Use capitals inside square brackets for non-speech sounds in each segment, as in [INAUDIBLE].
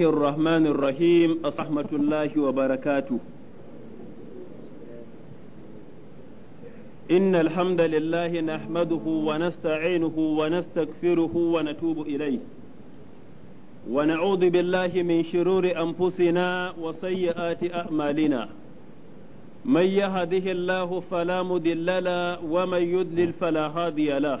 الله الرحمن الرحيم رحمة الله وبركاته إن الحمد لله نحمده ونستعينه ونستغفره ونتوب إليه ونعوذ بالله من شرور أنفسنا وسيئات أعمالنا من يهده الله فلا مضل له ومن يضلل فلا هادي له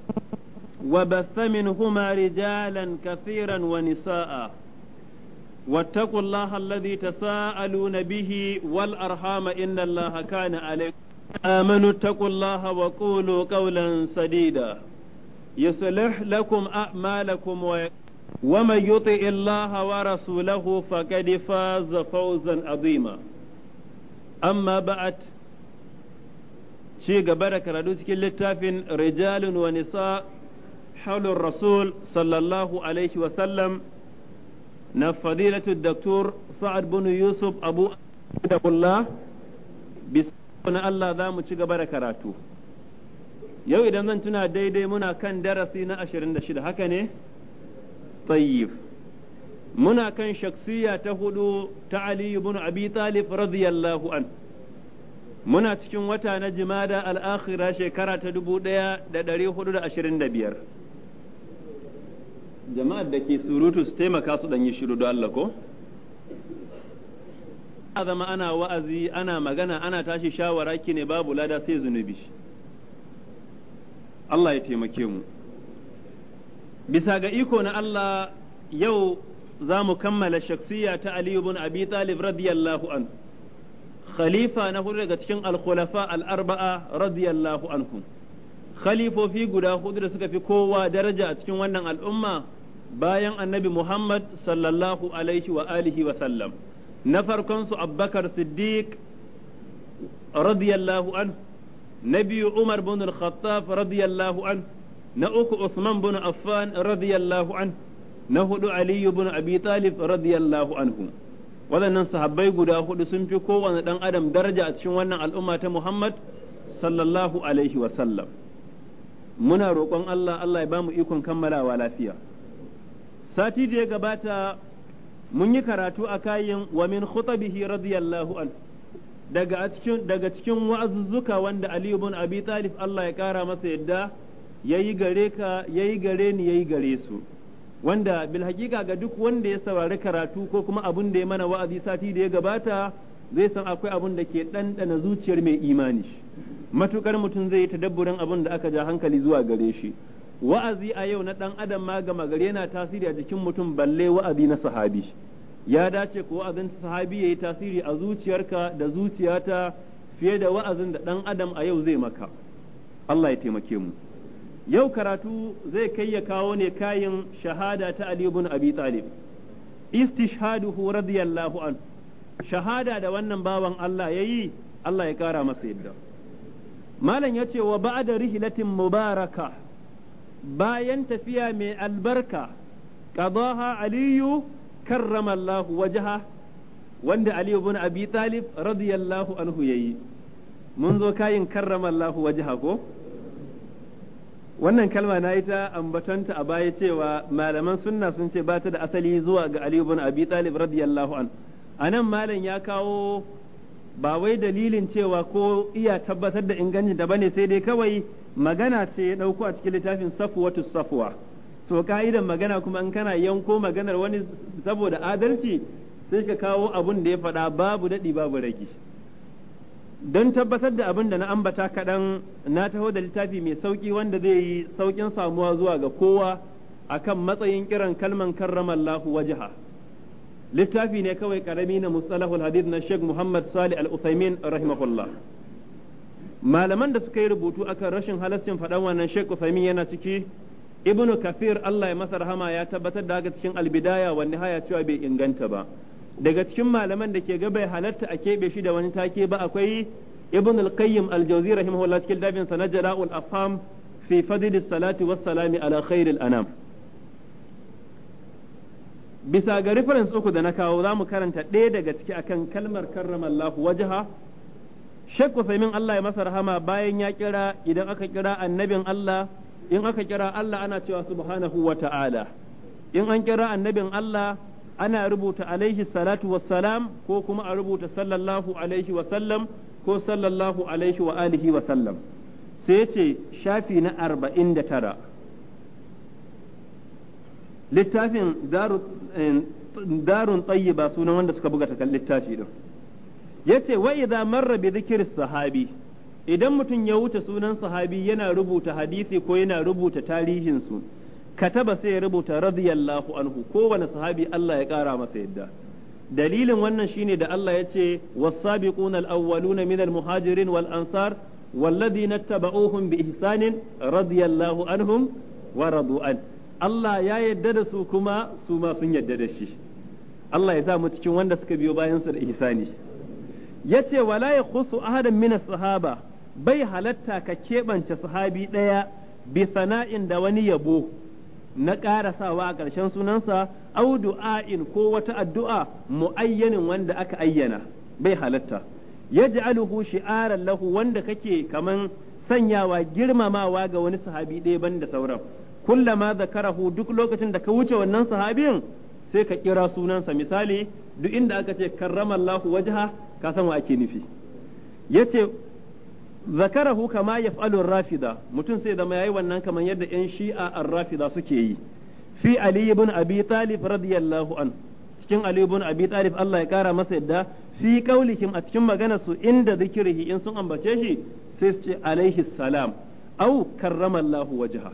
وبث منهما رجالا كثيرا ونساء واتقوا الله الذي تساءلون به والأرحام إن الله كان عليكم آمنوا اتقوا الله وقولوا قولا سديدا يصلح لكم أعمالكم و... ومن يطع الله ورسوله فقد فاز فوزا عظيما أما بعد شيء قبل كرادوس كل رجال ونساء حول الرسول صلى الله عليه وسلم فضيلة الدكتور سعد بن يوسف أبو أحمد الله بسم الله ذا متشقبر كراتو yau idan zan tuna daidai muna kan darasi na 26 haka ne? Tayyib. Muna kan shaksiya ta hudu ta Aliyu ibn Abi Talib radiyallahu an. Muna cikin wata na jimada al'akhira shekara ta biyar. jama'ar da ke surutu su taimaka su ɗan yi shiru don Allah ko a zama ana wa'azi ana magana ana tashi shawara ki ne babu lada sai zunubi Allah ya taimake mu bisa ga iko na Allah yau za mu kammala shaksiya ta Ali ibn Abi Talib radiyallahu an khalifa na hudu daga cikin al-khulafa al-arba'a radiyallahu anhu. khalifofi guda hudu da suka fi kowa daraja a cikin wannan al'umma bayan annabi Muhammad sallallahu alaihi wa alihi wa sallam na farkon su Abubakar Siddiq radiyallahu an na biyu Umar bin Al-Khattab radiyallahu an na uku Usman bin Affan radiyallahu an na hudu aliyu bin Abi Talib radiyallahu anhu waɗannan sahabbai guda hudu sun fi kowane dan adam daraja a cikin wannan al'umma ta Muhammad sallallahu alaihi wa sallam muna roƙon Allah Allah ya bamu ikon kammalawa lafiya sati da ya gabata mun yi karatu a kayan wa min khutabihi radiyallahu an daga cikin wa'azuzzuka wanda Aliyu ibn Abi Talib Allah ya kara masa yadda yayi gare ka yayi gare ni yayi gare su wanda bil hakika ga duk wanda ya saurari karatu ko kuma abun da ya mana wa'azi sati da ya gabata zai san akwai abun da ke ɗanɗana zuciyar mai imani matukar mutum zai yi ta tadabburin abun da aka ja hankali zuwa gare shi wa'azi a yau na ɗan adam ma gama gari yana tasiri a jikin mutum balle wa'azi na sahabi ya dace ko wa'azin sahabi ya yi tasiri a zuciyarka da zuciyata fiye da wa'azin da ɗan adam a yau zai maka Allah ya taimake mu yau karatu zai kai ya kawo ne kayin shahada ta Ali ibn Abi Talib istishhaduhu radiyallahu an shahada da wannan bawan Allah yayi Allah ya kara masa yadda malam yace wa ba'da rihlatin mubaraka bayan tafiya mai albarka qadaha aliyu karramallahu wajaha wanda aliyu bin abi talib radiyallahu anhu yayi mun zo kayin karramallahu wajaha ko wannan kalma na yi ta ambatanta a baya cewa malaman sunna sun ce ba ta da asali zuwa ga aliyu bin Abi Talib radiyallahu an nan malam ya kawo ba wai dalilin cewa ko iya tabbatar da inganci da ne sai dai kawai magana ce ya ɗauko a cikin littafin safwatu safuwa so ka'idan magana kuma in kana yanko maganar wani saboda adalci sai ka kawo abun da ya faɗa babu daɗi babu rage don tabbatar da abin da na ambata kaɗan na taho da littafi mai sauƙi wanda zai yi sauƙin samuwa zuwa ga kowa akan matsayin kiran kalman karramallahu wajaha littafi ne kawai ƙarami na mustalahul hadith na Sheikh Muhammad Salih Al-Uthaymin rahimahullah malaman da suka yi rubutu akan rashin halaccin faɗan wannan Sheikh Uthaymeen yana ciki Ibn kafir Allah ya masa rahama ya tabbatar da haka cikin albidaya wa haya cewa bai inganta ba daga cikin malaman da ke gaba halarta halatta a keɓe shi da wani take ba akwai Ibn al-Qayyim al-Jawzi rahimahullah cikin dabin sa na Jala'ul Afham fi fadl salati was salami ala khairil anam bisa ga reference uku da na kawo za mu karanta ɗaya daga ciki akan kalmar karramallahu wajha Sheikh Usaimin Allah ya masa rahama bayan ya kira idan aka kira annabin Allah in aka kira Allah ana cewa subhanahu wa ta'ala in an kira annabin Allah ana rubuta alaihi salatu wassalam ko kuma a rubuta sallallahu alaihi sallam ko sallallahu alaihi wa alihi sallam sai ce shafi na arba'in da tara littafin eh, darun tayyiba sunan wanda suka buga littafi din yace wa idza marra bi dhikri sahabi idan mutum ya wuce sunan sahabi yana rubuta hadisi ko yana rubuta tarihin su kataba sai ya rubuta radiyallahu anhu kowane sahabi Allah ya kara masa yadda dalilin wannan shine da Allah ya ce was-sabiquna al-awwaluna min al-muhajirin wal-ansar والذين اتبعوهم بإحسان رضي الله عنهم ورضوا عنه Allah ya yadda da su kuma su ma sun yadda da shi Allah ya sa mu cikin wanda suka biyo bayan su da ihsani yace wala yakhusu ahadan min sahaba bai halatta ka keɓance sahabi ɗaya bi sana'in da wani yabo na ƙarasawa a ƙarshen sunansa au du'a'in ko wata addu'a mu'ayyanin wanda aka ayyana bai halatta yaj'aluhu shi'aran lahu wanda kake kaman sanyawa girmamawa ga wani sahabi ɗaya banda sauran ma zakarahu duk lokacin da ka wuce wannan sahabin sai ka kira sunansa misali duk inda aka ce karramallahu wajha ka san wa ake nufi yace zakarahu kama yaf'alu rafida mutum sai da yayi wannan kamar yadda yan shi'a ar-rafida suke yi fi ali ibn abi talib radiyallahu an cikin ali ibn abi talib Allah ya kara masa yadda fi qaulihim a cikin maganar su inda zikirihi in sun ambace shi sai su ce alaihi salam au karrama Allah wajha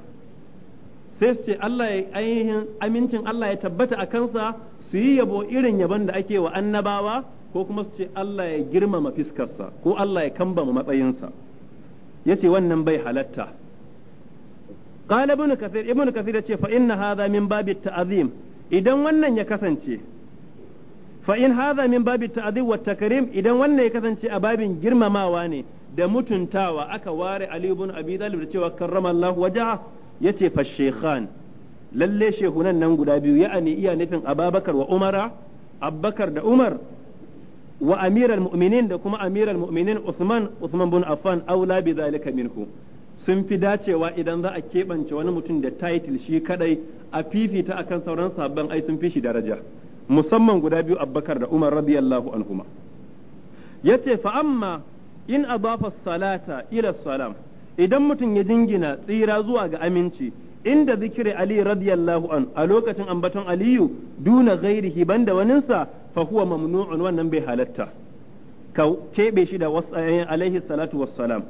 sai su ce Allah ya ainihin amincin Allah ya tabbata a kansa su yi yabo irin yabon da ake wa annabawa ko kuma su ce Allah ya girmama fiskarsa ko Allah ya kambama matsayinsa yace wannan bai halatta qala ibn ibn kathir ya kasance fa in hadha min babi ta'zim wa idan wannan ya kasance a babin girmamawa ne da mutuntawa aka ware Aliyu ibn Abi Talib da cewa karramallahu wajaha yace fa shaykhan lalle shehunan nan guda biyu ya'ani iya nufin Ababakar wa Umara Abubakar da Umar wa amiral mu'minin da kuma amiral mu'minin Usman Usman bin Affan aula bi zalika minku sun fi dacewa idan za a keɓance wani mutum da title shi kadai a fifita akan sauran sabban ai sun fi shi daraja musamman guda biyu Abubakar da Umar radiyallahu anhuma yace fa amma in adafa salata ila salam idan mutum ya jingina tsira zuwa ga aminci inda zikiri Ali radiyallahu an a lokacin ambaton Aliyu duna ghairihi banda waninsa fa huwa mamnu'un wannan bai halatta ka kebe shi da eh, alaihi salatu wassalam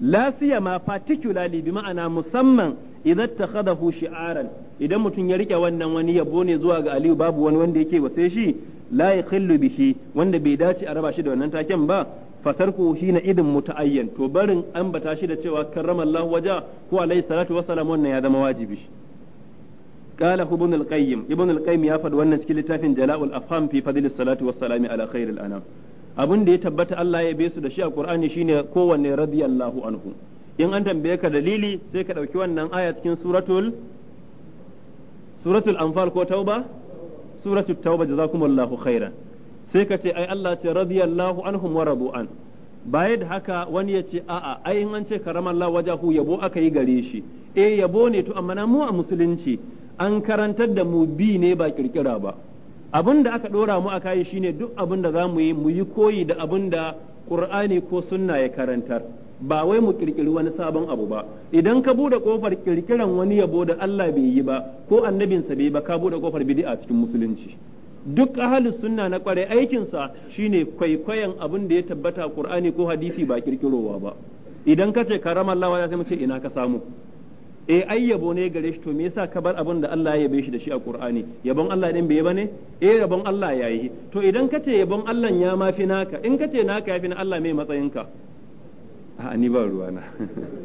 la siyama particularly bi ma'ana musamman idan takhadahu shi'aran idan mutum ya rike wannan wani yabo ne zuwa ga Aliyu babu wani wanda yake wase shi la yakhillu bihi wanda bai dace a raba shi da wannan taken ba fatarku hina idin ayyan to barin ambata shi da cewa karramallahu waja ko alaihi salatu wassalam wannan ya zama wajibi قال ابن القيم ابن القيم ya faɗi wannan cikin littafin jala'ul afham fi fadlis salati wassalami ala khairil anam abin da ya tabbata Allah ya bi su da shi a Qur'ani shine kowanne radiyallahu anhu in an tambaye ka dalili sai ka ɗauki wannan aya cikin suratul suratul anfal ko tauba suratul tauba jazakumullahu khairan sai ka ce ai Allah ce radiyallahu anhum wa an baya da haka wani ya ce a'a ai in an ce karamallahu wajahu yabo aka yi gare shi eh yabo ne to amma na mu a musulunci an karantar da mu bi ne ba kirkira ba abin da aka dora mu a kai shine duk abin da zamu yi mu yi koyi da abin da Qur'ani ko sunna ya karantar ba wai mu kirkiri wani sabon abu ba idan ka bude kofar kirkiran wani yabo da Allah bai yi ba ko annabin sa bai ba ka bude kofar bid'a cikin musulunci duk ahalus sunna na kware aikinsa shine kwaikwayon abin da ya tabbata Qur'ani ko hadisi ba kirkirowa ba idan ka ce karama Allah ya sai mu ce ina ka samu eh ai yabo ne gare shi to me yasa ka bar abin da Allah ya yabe shi da shi a Qur'ani yabon Allah din bai ne eh yabon Allah yayi to idan ka ce yabon Allah ya mafi naka in ka ce naka fi na Allah mai matsayinka a ni ba ruwa na.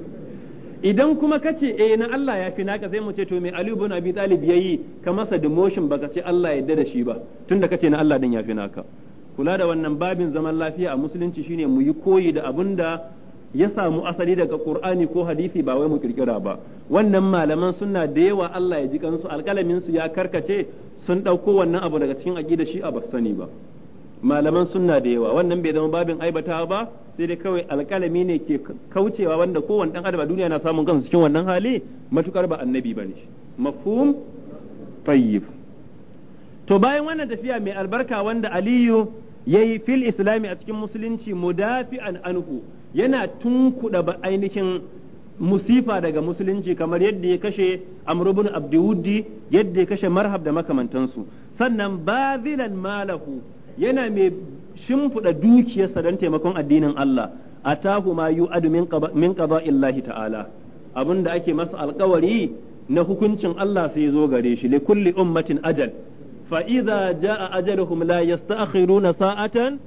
[LAUGHS] idan kuma ka ce eh na Allah ya fi naka sai mu ce to me Ali ibn Abi Talib yayi ka masa demotion baka ce Allah ya yarda da shi ba tunda ka ce na Allah din ya fi naka kula da wannan babin zaman lafiya a musulunci shine mu yi koyi da abin da ya samu asali daga Qur'ani ko hadisi ba wai mu kirkira ba wannan malaman sunna da yawa Allah ya ji kansu alƙalamin su ya karkace sun ɗauko wannan abu daga cikin aqida shi a ba sani ba malaman sunna da yawa wannan bai zama babin aibata ba sai dai kawai alƙalami ne ke kaucewa wanda kowanne dan adam a duniya na samun kansu cikin wannan hali matukar ba annabi bane mafhum tayyib to bayan wannan tafiya mai albarka wanda aliyu yayi fil islami a cikin musulunci mudafi'an anhu yana tunkuɗa ainihin musifa daga musulunci kamar yadda ya kashe amr abdiwuddi yadda ya kashe marhab da makamantansu sannan bazilan malahu yana mai shimfiɗa dukiyarsa don taimakon addinin Allah a atahu ma adu min qada'illahi ta'ala abinda ake masa alkawari na hukuncin Allah sai zo gare shi li kulli ummatin ajal fa idza jaa ajaluhum la yasta'khiruna sa'atan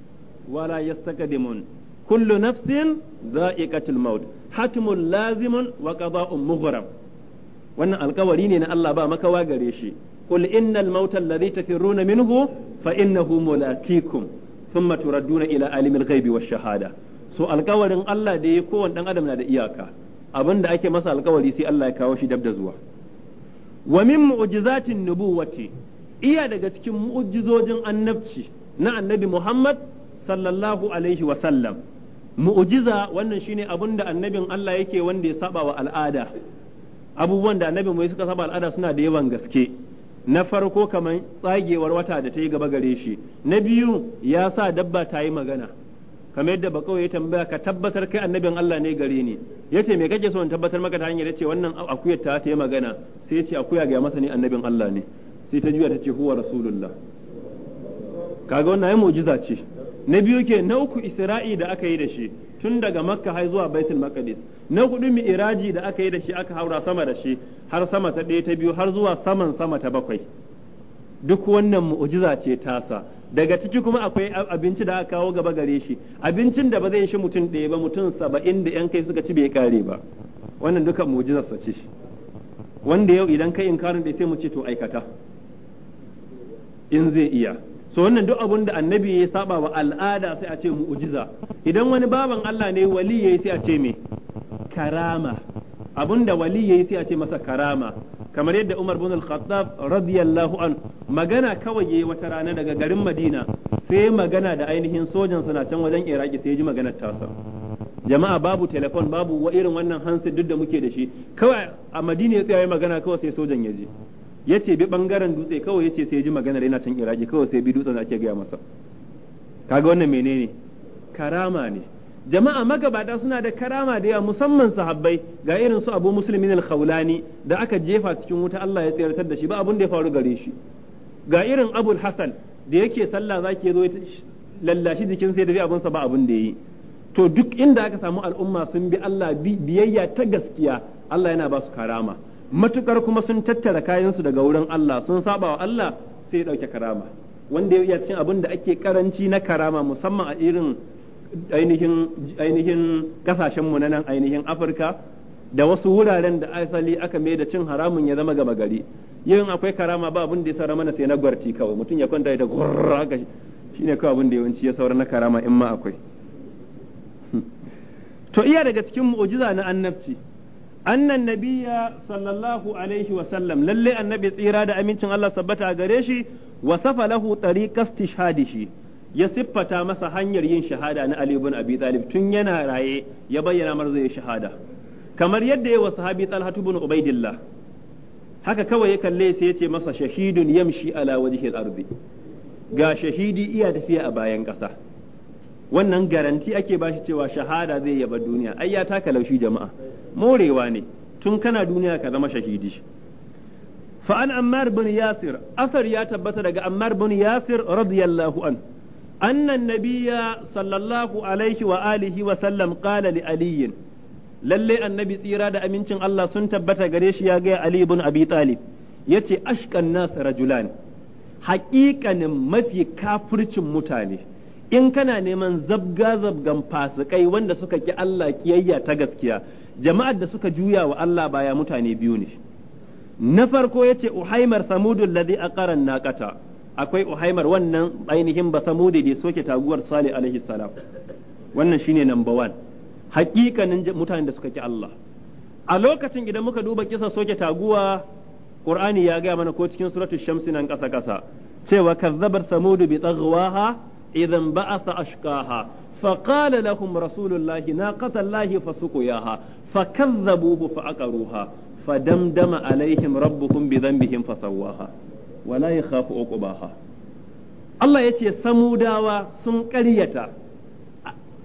wa la yastaqdimun kullu nafsin za'iqatul maut hatmun lazimun wa qada'un mughrab wannan alkawari ne na Allah ba makawa gare shi qul innal mauta alladhi tafirruna minhu fa innahu mulaqikum thumma turadduna ila alimil ghaibi wash shahada so alkawarin Allah da ya kowanne dan adam na da iyaka da ake masa alkawari sai Allah ya kawo shi dab da zuwa wa min mu'jizatin nubuwati iya daga cikin mu'jizojin annabci na annabi Muhammad sallallahu alaihi wa sallam mu'jiza wannan shine abin da annabin Allah yake wanda ya saba wa al'ada abubuwan da annabin mai suka saba al'ada suna da yawan gaske na farko kamar tsagewar wata da ta yi gaba gare shi na biyu ya sa dabba ta yi magana kamar yadda ba kawai ya tambaya ka tabbatar kai annabin Allah ne gare ni ya ce me kake so in tabbatar maka ta hanyar ya ce wannan akuyar ta ta yi magana sai ya ce akuya ga masa ne annabin Allah ne sai ta juya ta ce huwa rasulullah kaga wannan ai mu'jiza ce na biyu ke na uku isra'i da aka yi da shi tun daga makka har zuwa baitul maqdis na hudu mi'raji da aka yi da shi aka haura sama da shi har sama ta ɗaya ta biyu har zuwa saman sama ta bakwai duk wannan mu'jiza ce tasa daga ciki kuma akwai abinci da aka kawo gaba gare shi abincin da ba zai shi mutum ɗaya ba mutum saba'in da yan kai suka ci bai kare ba wannan duka mu'jizarsa ce wanda yau idan kai inkarin da sai mu ce to aikata in zai iya so wannan duk abun da annabi ya saba wa al'ada sai a ce mu'ujiza idan wani baban Allah ne wali yayi sai a ce me karama abun da wali yayi sai a ce masa karama kamar yadda Umar bin Al-Khattab radiyallahu an magana kawai yayi wata rana daga garin Madina sai magana da ainihin sojan suna can wajen Iraki sai ya ji maganar tasa jama'a babu telefon babu wa irin wannan hansi duk da muke da shi kawai a Madina ya tsaya magana kawai sai sojan ya je ya ce bi bangaren dutse kawai ya ce sai ji maganar yana can iraki kawai sai bi dutsen da ake gaya masa kaga wannan menene karama ne jama'a magabata suna da karama da yawa musamman sahabbai ga irin su abu musulmin al-khawlani da aka jefa cikin wuta Allah ya tsayar da shi ba abun da ya faru gare shi ga irin abul hasan da yake sallah zaki zo lallashi jikin sai da bi abunsa ba abun da yi to duk inda aka samu al'umma sun bi Allah biyayya ta gaskiya Allah yana ba su karama matukar kuma sun tattara kayansu daga wurin Allah sun saba wa Allah sai ya dauke karama wanda ya cin abin da ake karanci na karama musamman a irin ainihin ainihin kasashen mu na nan ainihin Afirka da wasu wuraren da asali aka mai da cin haramun ya zama gama gari yin akwai karama ba abin da ya saura mana sai na gwarti kawai mutum ya kwanta da gurra haka shine kawai abin da yawanci ya saura na karama in ma akwai [LAUGHS] to iya daga cikin mu'jiza na annabci annan nabiyya sallallahu alaihi wa sallam lalle annabi tsira da amincin Allah sabbata gare shi wa safa lahu tariqas tishhadihi ya siffata masa hanyar yin shahada na Ali ibn Abi Talib tun yana raye ya bayyana mar zai shahada kamar yadda ya wa sahabi Talha ibn Ubaidillah haka kawai ya kalle sai ya ce masa shahidun yamshi ala wajhil ardi ga shahidi iya tafiya a bayan ƙasa wannan garanti ake shi cewa shahada zai yaba duniya ai ya taka laushi jama'a morewa ne tun kana duniya ka zama shahidi fa an ammar bin yasir asar ya tabbata daga ammar bin yasir radiyallahu an sallallahu alaihi wa alihi wa sallam qala li لعلي lalle Annabi tsira da amincin Allah sun tabbata gare shi ya ga Ali bin Abi Talib yace ashkan nas rajulan haƙiƙanin mafi kafircin mutane in kana neman zabga zabgan fasikai wanda suka ki Allah kiyayya ta gaskiya jama'ar da suka juya wa Allah baya mutane biyu ne na farko yace uhaimar samudul ladhi aqaran naqata akwai uhaimar wannan ainihin ba samudi da soke taguwar salih alaihi salam wannan shine number one hakikanin mutane da suka ki Allah a lokacin idan muka duba kisa soke taguwa qur'ani ya gaya mana ko cikin suratul shamsi nan kasa kasa cewa kazzabar samudu bi taghwaha idan ba'atha ashqaha فقال Fa رسول الله ناقة الله فسقياها فكذبوه فعقروها فدمدم عليهم ربهم بذنبهم فسواها ولا يخاف عقباها Allah ya ce samudawa sun ƙaryata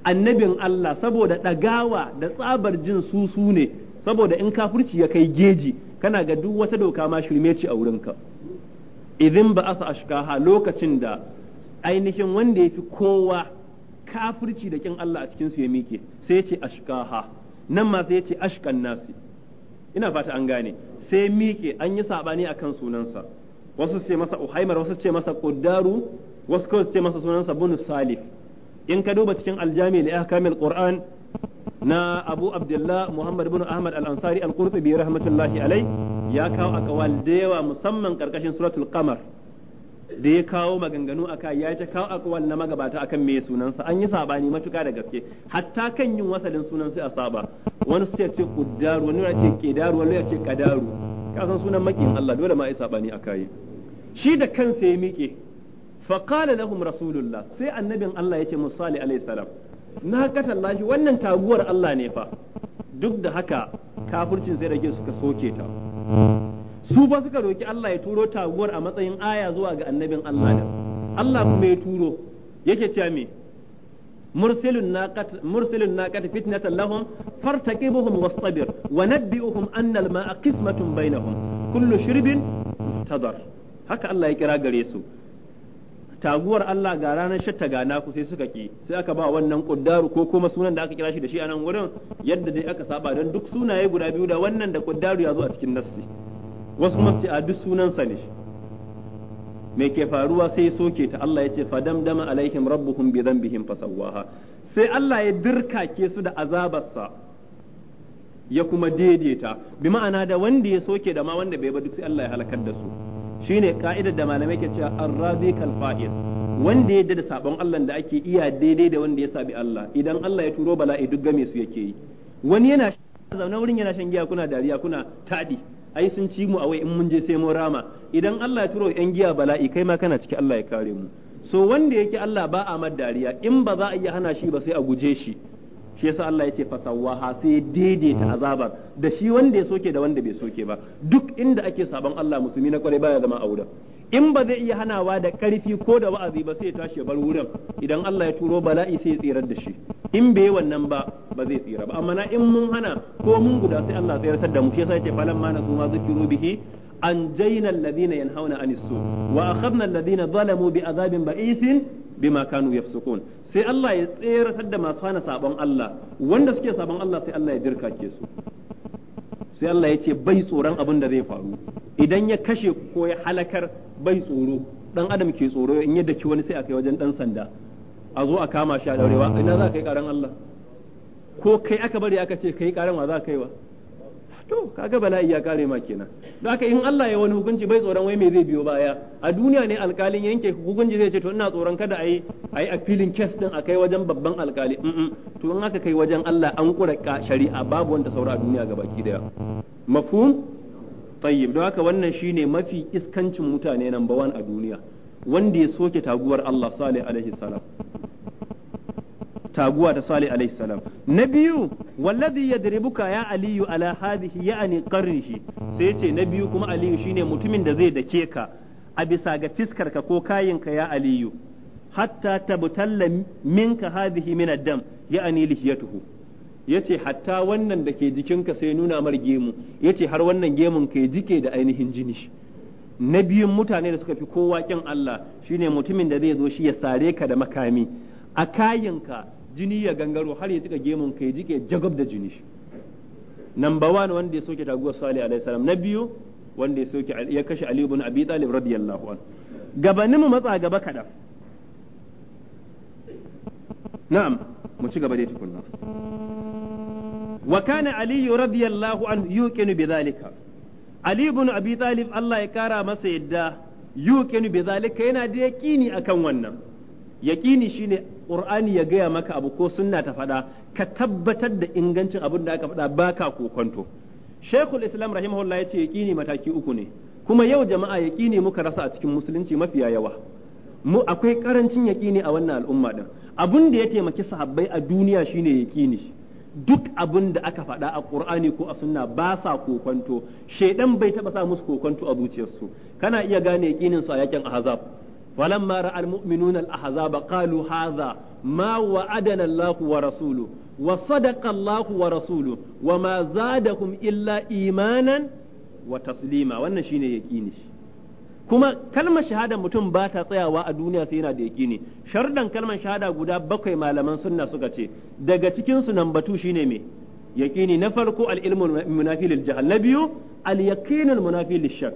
annabin Allah saboda ɗagawa da tsabar jin su ne saboda in kafirci ya kai geji kana ga duk wata doka ma shirme ce a wurinka idin ba asa ashkaha lokacin da ainihin wanda ya fi kowa kafirci da kin Allah a cikin su ya mike sai ya ce ashkaha nan ma sai ya ce ashkan nasi ina fata an gane sai mike an yi sabani kan sunansa wasu ce masa uhaimar wasu ce masa quddaru wasu kawai su ce masa sunansa bunu salif in ka duba cikin aljami ya kamil ƙoran na abu abdullah muhammad bin ahmad al-ansari al-qurtubi rahmatullahi alai ya kawo akawal da yawa musamman karkashin suratul qamar da ya kawo maganganu a kai ya ta kawo kowane na magabata akan meye sunansa an yi sabani matuka da gaske hatta kan yin wasalin sunan sai a saba wani su ce kudaru wani ya ce kedaru wani ya ce kadaru ka san sunan makin Allah dole ma ai sabani kai shi da kansa ya miƙe fa qala lahum rasulullah sai annabin Allah ya ce musali alaihi salam na katallahi wannan taguwar Allah ne fa duk da haka kafircin sai da ke suka soke ta su ba suka roki Allah ya turo taguwar a matsayin aya zuwa ga annabin Allah da Allah kuma ya turo yake cewa me mursilun naqat mursilun naqat fitnatan lahum fartaqibuhum wastabir wa nabbi'uhum anna al-ma'a qismatun bainahum kullu shirbin tadar haka Allah ya kira gare su taguwar Allah ga ranar shatta ga naku sai suka ki sai aka ba wannan kuddaru ko kuma sunan da aka kira shi da shi a nan wurin yadda dai aka saba don duk sunaye guda biyu da wannan da kuddaru ya zo a cikin nassi wasu ah. a duk sunansa ne me ke faruwa sai ya soke ta Allah ya ce fadamdama alaihim rabbuhum bi dhanbihim fasawwaha sai Allah ya dirkake su da azabarsa ya kuma daidaita bi ma'ana da wanda ya soke da ma wanda bai ba duk sai Allah ya halakar da su shine ka'idar da malamai ke cewa arrabi kal fa'il wanda ya da sabon Allah da ake iya daidai da wanda ya sabi Allah idan Allah ya turo bala'i duk game su yake yi wani yana zaune wurin yana shan giya kuna dariya kuna tadi ai sun ci mu a wai in mun je sai mu rama idan Allah ya turo yan giya bala'i kai ma kana ciki Allah ya kare mu so wanda yake Allah ba a dariya in ba za a iya hana shi ba sai a guje shi shi yasa Allah ya ce fasawaha sai daidaita mm-hmm. azabar da shi wanda ya soke da wanda bai soke ba duk inda ake sabon Allah musulmi na kwarai baya zama a wurin in ba zai iya hanawa da karfi ko da wa'azi ba sai ya tashi ya bar wurin idan Allah ya turo bala'i sai ya tsirar da shi in bai yi wannan ba ba zai tsira ba amma na in mun hana ko mun guda sai Allah ya tsirar da mu shi yasa falan ma nasu ma zikiru bihi yanhauna anis su wa akhadna alladhina zalamu bi بعذاب ba'isin bima kanu yafsukun sai Allah ya tseratar da masu hana sabon Allah wanda suke sabon Allah sai Allah ya dirka ke su sai Allah ya ce bai tsoron abin da zai faru idan ya kashe ko ya halakar bai tsoro dan adam ke tsoro in yadda ki wani sai a kai wajen dan sanda a zo a kama shi a daurewa ina za ka yi karan Allah ko kai aka bari aka ce kai karan wa za ka yi wa to kaga bala'i ya kare ma kenan don haka in Allah ya wani hukunci bai tsoron wai me zai biyo baya a duniya ne alkalin yanke hukunci zai ce to ina tsoron kada a yi a yi appealing case din a kai wajen babban alkali to in aka kai wajen Allah an kura shari'a babu wanda saura a duniya ki daya mafhum tayyib don haka wannan shine mafi iskancin mutane number one a duniya wanda ya soke taguwar Allah salih alaihi salam taguwa ta salih alaihi salam na wallazi yadribuka ya aliyu ala hadhihi ya'ni qarrihi sai yace na biyu kuma aliyu shine mutumin da zai dake ka a bisa ga fiskar ka ko ka ya aliyu hatta tabtalla minka hadhihi min ad-dam ya'ni lihiyatuhu yace hatta wannan da ke jikinka sai nuna mar gemu yace har wannan gemun ka jike da ainihin jini na biyun mutane da suka fi kowa kin Allah shine mutumin da zai zo shi ya sare ka da makami a kayinka jini ya gangaro har ya jika gemun ka ya jike jagab da jini number one wanda ya soke taguwar Salih alaihi salam na biyu wanda ya soke ya kashe Ali ibn Abi Talib radiyallahu anhu gabanin mu matsa gaba kadan na'am mu ci gaba dai tukunna wa kana ali radiyallahu anhu yuqinu bidhalika ali ibn abi talib Allah ya kara masa yadda yuqinu bidhalika yana da yaqini akan wannan yaqini shine qur'ani ya gaya maka abu ko sunna ta faɗa ka tabbatar da ingancin abin da aka faɗa baka kokonto shaykhul islam rahimahullah yace yaqini mataki uku ne kuma yau jama'a yaqini muka rasa a cikin musulunci mafiya yawa mu akwai karancin yaqini a wannan al'umma din abun da ya taimaki sahabbai a duniya shine yaqini duk abin da aka faɗa a ƙur'ani ko a sunna ba sa kokonto shaidan bai taɓa sa musu kokonto a zuciyarsu kana iya gane yaƙinin su a yakin ahzab falamma ra'al mu'minuna al-ahzaba qalu hadha ma wa'adana Allah wa rasulu wa sadaqa Allah wa rasulu wa ma illa imanan wa taslima wannan shine yaƙini kuma kalmar shahada mutum ba ta tsayawa a duniya sai yana da yaƙini sharɗan kalmar shahada guda bakwai malaman sunna suka ce daga cikin su batu shine me yaƙini na farko al-ilmu munafi jahal na biyu al-yaqinu munafi shak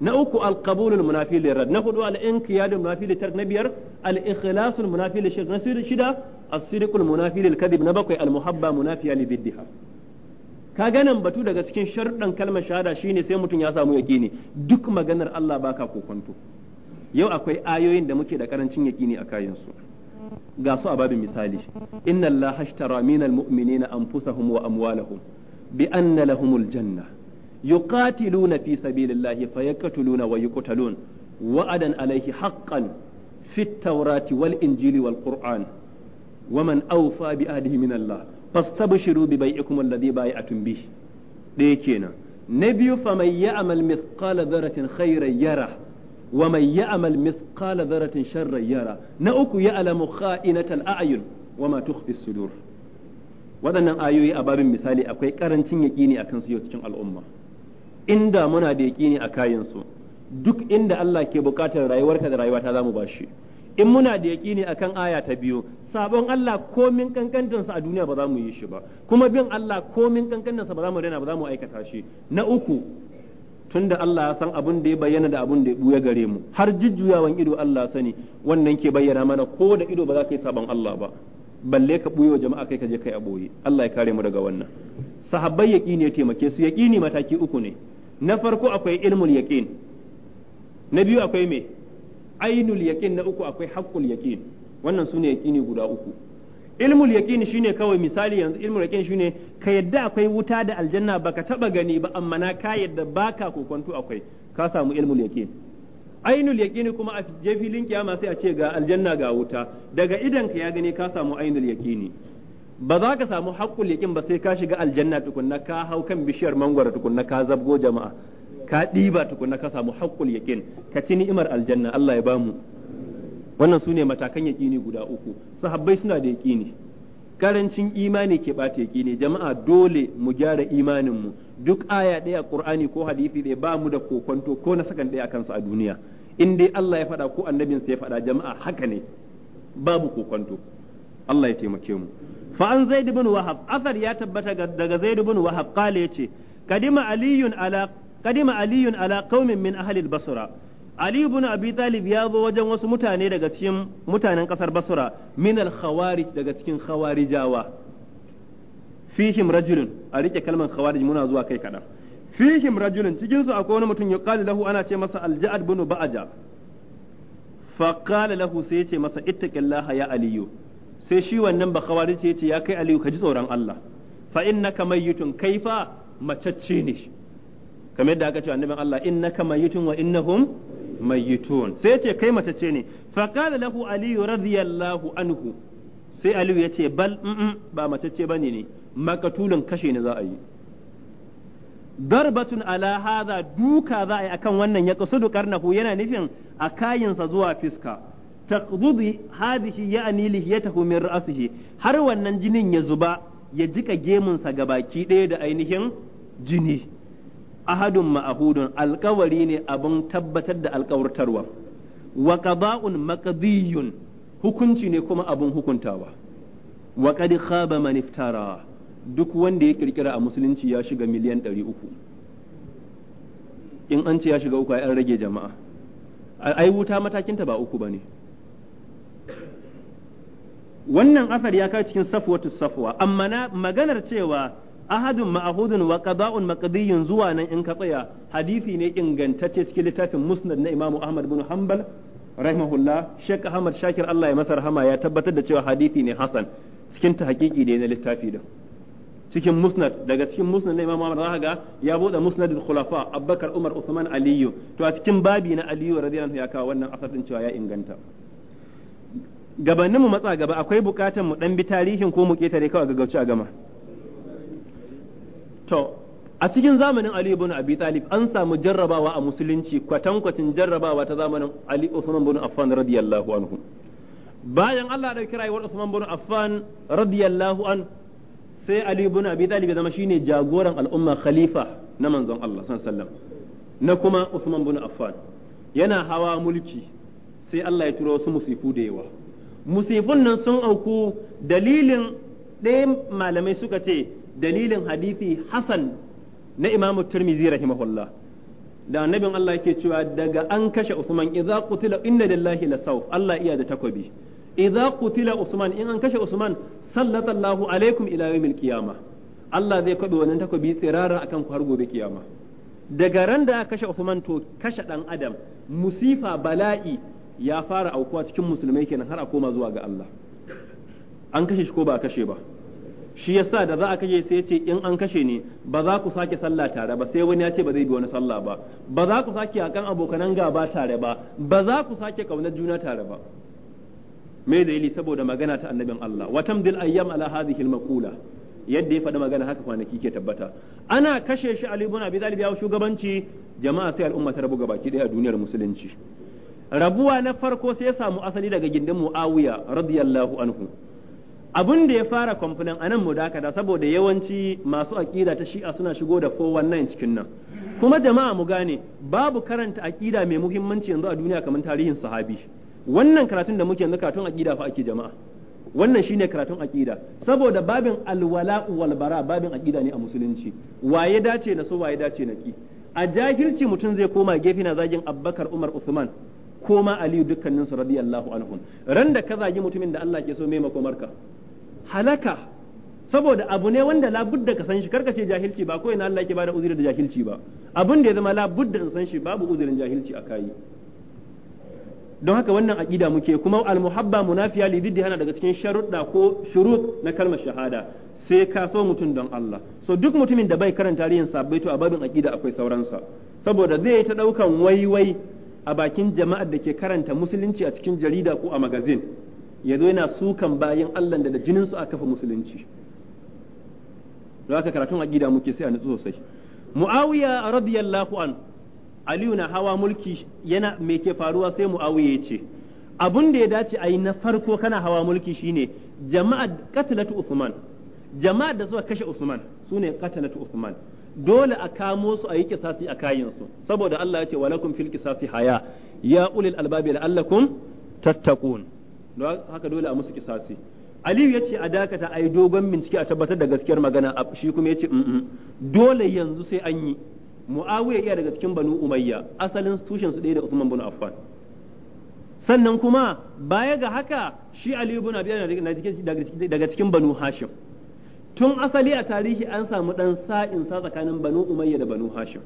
na uku al-qabulu munafi rad na hudu al-inqiyadu munafi na biyar al-ikhlasu munafi shirk na shida as-sidqu munafi kadhib na bakwai al-muhabba munafiya li biddiha ka ganin batu daga cikin sharuɗan kalmar shahada shine sai mutum ya samu yaƙini duk maganar Allah baka kokonto yau akwai ayoyin da muke da karancin yaƙini a kayansu ga su a babin misali inna Allah hashtara minal mu'minina anfusahum wa amwalahum bi anna lahumul janna yuqatiluna fi sabilillahi fayaqtuluna wa yuqtalun wa'adan alayhi haqqan fit tawrati wal injili wal qur'an ومن أوفى بأهله من الله fastabshiru bi bai'ikum alladhi bai'atum bi ɗaya kenan na biyu fa man ya'mal mithqala dharratin khairan yara wa man ya'mal mithqala dharratin sharran yara na uku ya'lamu kha'inatal a'yun wa ma tukhfi sudur waɗannan ayoyi a babin misali akwai karancin yaƙini akan su cikin al'umma inda muna da yaƙini a kayan su duk inda Allah ke buƙatar rayuwarka da rayuwata za mu bashi in muna da yaƙini akan aya ta biyu sabon Allah komin kankantansa a duniya ba za mu yi shi ba kuma bin Allah komin kankantansa ba za mu daina ba za mu aikata shi na uku tunda Allah ya san abun da ya bayyana da abin da ya buya gare mu har jujjuyawan ido Allah sani wannan ke bayyana mana ko da ido ba za ka yi sabon Allah ba balle ka buye jama'a kai ka je kai a Allah ya kare mu daga wannan sahabbai yaqini ya taimake su yaqini mataki uku ne na farko akwai ilmul yaqin na biyu akwai me ainul yaqin na uku akwai haqqul yaqin wannan su ne yaƙini guda uku ilmul yaƙini shine kawai misali yanzu ilmul yaƙini shine ka yadda akwai wuta da aljanna baka taba gani ba amma na ka yadda baka kokonto akwai ka samu ilmul yaƙini ainul yaqini kuma a linki ya sai a ce ga aljanna ga wuta daga idan ka ya gani ka samu ainul yaqini ba za ka samu haƙƙul yaƙin ba sai ka shiga aljanna tukunna ka hau kan bishiyar mangwara tukunna ka zabgo jama'a ka ɗiba tukunna ka samu haƙƙul yaƙin ka ci ni'imar aljanna Allah ya bamu wannan su ne matakan yaƙini guda uku sahabbai suna da yaƙini karancin imani ke ɓata yaƙini jama'a dole mu gyara imaninmu duk aya ɗaya qur'ani ko hadisi ɗaya ba mu da kokonto ko na sakan ɗaya kansa a duniya in dai Allah ya faɗa ko annabinsa ya faɗa jama'a haka ne babu kokonto Allah ya taimake mu fa an zaid ibn wahab asar ya tabbata daga zaid ibn wahab qala yace kadima aliyun ala kadima aliyun ala qaumin min ahli al-basra Ali ibn Abi Talib ya zo wajen wasu mutane daga cikin mutanen kasar Basra min al-khawarij daga cikin khawarijawa fihim rajulun a rike kalmar khawarij muna zuwa kai kadan fihim rajulun cikin su akwai wani mutum ya yuqalu lahu ana ce masa al-Ja'ad ibn Ba'ja fa qala lahu sai ce masa ittaqillaha ya aliyu sai shi wannan ba khawarij ce ya kai aliyu ka ji tsoron Allah fa innaka mayyitun kaifa macacce ne kamar yadda aka ce annabin Allah innaka mayyitun wa innahum mayyitun sai ce kai mata ce ne fa qala lahu ali radiyallahu anhu sai ali ya ce bal ba mata ce bane ne makatulun kashe ne za a yi darbatun ala hadha duka za a yi akan wannan ya qasudu qarnahu yana nufin a kayinsa zuwa fiska taqdudi hadhihi ya'ni lihiyatahu min ra'sihi har wannan jinin ya zuba ya jika gemunsa gabaki ɗaya da ainihin jini ahadun ma'ahudun alkawari ne abin tabbatar da alkawartarwa wa qada'un maqdiyun hukunci ne kuma abin hukuntawa wa qad khaba man iftara duk wanda ya kirkira a musulunci ya shiga miliyan 300 in an ce ya shiga uku an rage jama'a ai wuta matakinta ba uku bane wannan asar ya kai cikin safwatu safwa amma na maganar cewa ahadun ma'ahudun wa qada'un maqdiyun zuwa nan in ka tsaya hadisi ne ingantacce cikin littafin musnad na imamu ahmad bin hanbal rahimahullah shek ahmad shakir Allah ya masa rahama ya tabbatar da cewa hadisi ne hasan cikin ta hakiki ne na littafi da cikin musnad daga cikin musnad na imamu ahmad zaka ya bude musnadul khulafa abubakar umar usman aliyu to a cikin babi na aliyu radiyallahu anhu ya kawo wannan asar din cewa ya inganta gabanin mu matsa gaba akwai bukatan mu dan bi tarihin ko mu ketare kawai gaggauci a gama to a cikin zamanin Ali ibn Abi Talib an samu jarrabawa a musulunci kwatankwacin jarrabawa ta zamanin Ali Usman ibn Affan radiyallahu anhu bayan Allah da kira wa Usman ibn Affan radiyallahu an sai Ali ibn Abi Talib ya zama shine jagoran al'umma khalifa na manzon Allah sallallahu alaihi wasallam na kuma Usman ibn Affan yana hawa mulki sai Allah ya turo wasu musifu da yawa musifun nan sun auku dalilin ɗaya malamai suka ce dalilin hadisi hasan na imamu tirmizi rahimahullah da annabin Allah yake cewa daga an kashe Usman idza qutila inna lillahi lasaw Allah iya da takobi idza qutila Usman in an kashe Usman sallallahu alaikum ila yawmil qiyama Allah zai kwabe wannan takobi tsirara akan ku har gobe kiyama daga ran da kashe Usman to kashe dan adam musifa bala'i ya fara aukuwa cikin musulmai kenan har a koma zuwa ga Allah an kashe shi ko ba kashe ba shi yasa da za a kashe sai ce in an kashe ni ba za ku sake sallah tare ba sai wani ya ce ba zai bi wani sallah ba ba za ku sake akan abokanan gaba tare ba ba za ku sake kaunar juna tare ba me dalili saboda magana ta annabin Allah wa tamdil ayyam ala hadhihi al yadda ya faɗi magana haka kwanaki ke tabbata ana kashe shi Ali ibn Abi Talib ya shugabanci jama'a sai al'umma ta rabu gabaki daya a duniyar musulunci rabuwa na farko sai ya samu asali daga gindin Muawiya radiyallahu anhu abin da ya fara kwamfulan a nan mu dakata saboda yawanci masu aƙida ta shi'a suna shigo da 419 cikin nan kuma jama'a mu gane babu karanta aƙida mai muhimmanci yanzu a duniya kamar tarihin sahabi wannan karatun da muke yanzu karatun aƙida fa ake jama'a wannan shine karatun aƙida saboda babin alwala'u wal bara babin aƙida ne a musulunci waye dace na so waye dace na ki a jahilci mutum zai koma gefe na zagin abbakar umar usman ko ma aliyu dukkanin su radiyallahu anhu ran da ka zagi mutumin da Allah ke so mai makomarka halaka saboda abu ne wanda labudda ka san shi karka ce jahilci ba ko ina Allah yake bada uzuri da jahilci ba abun da ya zama labudda in san shi babu uzurin jahilci a kai don haka wannan aqida muke kuma al muhabba munafiya li diddi hana daga cikin sharuɗa ko shurut na kalmar shahada sai ka so mutum don Allah so duk mutumin da bai karanta tarihin sabbai to a babin aqida akwai sauransa saboda zai yi ta daukan waiwai a bakin jama'ar da ke karanta musulunci a cikin jarida ko a magazin ya zo yana sukan bayan Allah da da jinin su a kafa musulunci ka karatun aqida muke sai a nutsu sosai Muawiya radiyallahu an Aliyu na hawa mulki yana me ke faruwa sai Muawiya ya ce abun da ya dace a yi na farko kana hawa mulki shine jama'a katalatu Usman jama'a da suka kashe Usman sune katalatu Usman dole a kamo su a yi kisasi a kayan su saboda Allah ya ce walakum fil kisasi haya ya ulil albabi la'allakum tattaqun don haka dole a musu kisasi Aliyu ya ce a dakata a yi dogon bincike a tabbatar da gaskiyar magana shi kuma ya ce dole yanzu sai an yi Muawiya iya daga cikin Banu Umayya asalin tushen su ɗaya da Usman bin Affan sannan kuma baya ga haka shi Aliyu bin Abi daga cikin Banu Hashim tun asali a tarihi an samu dan sa'in sa tsakanin Banu Umayya da Banu Hashim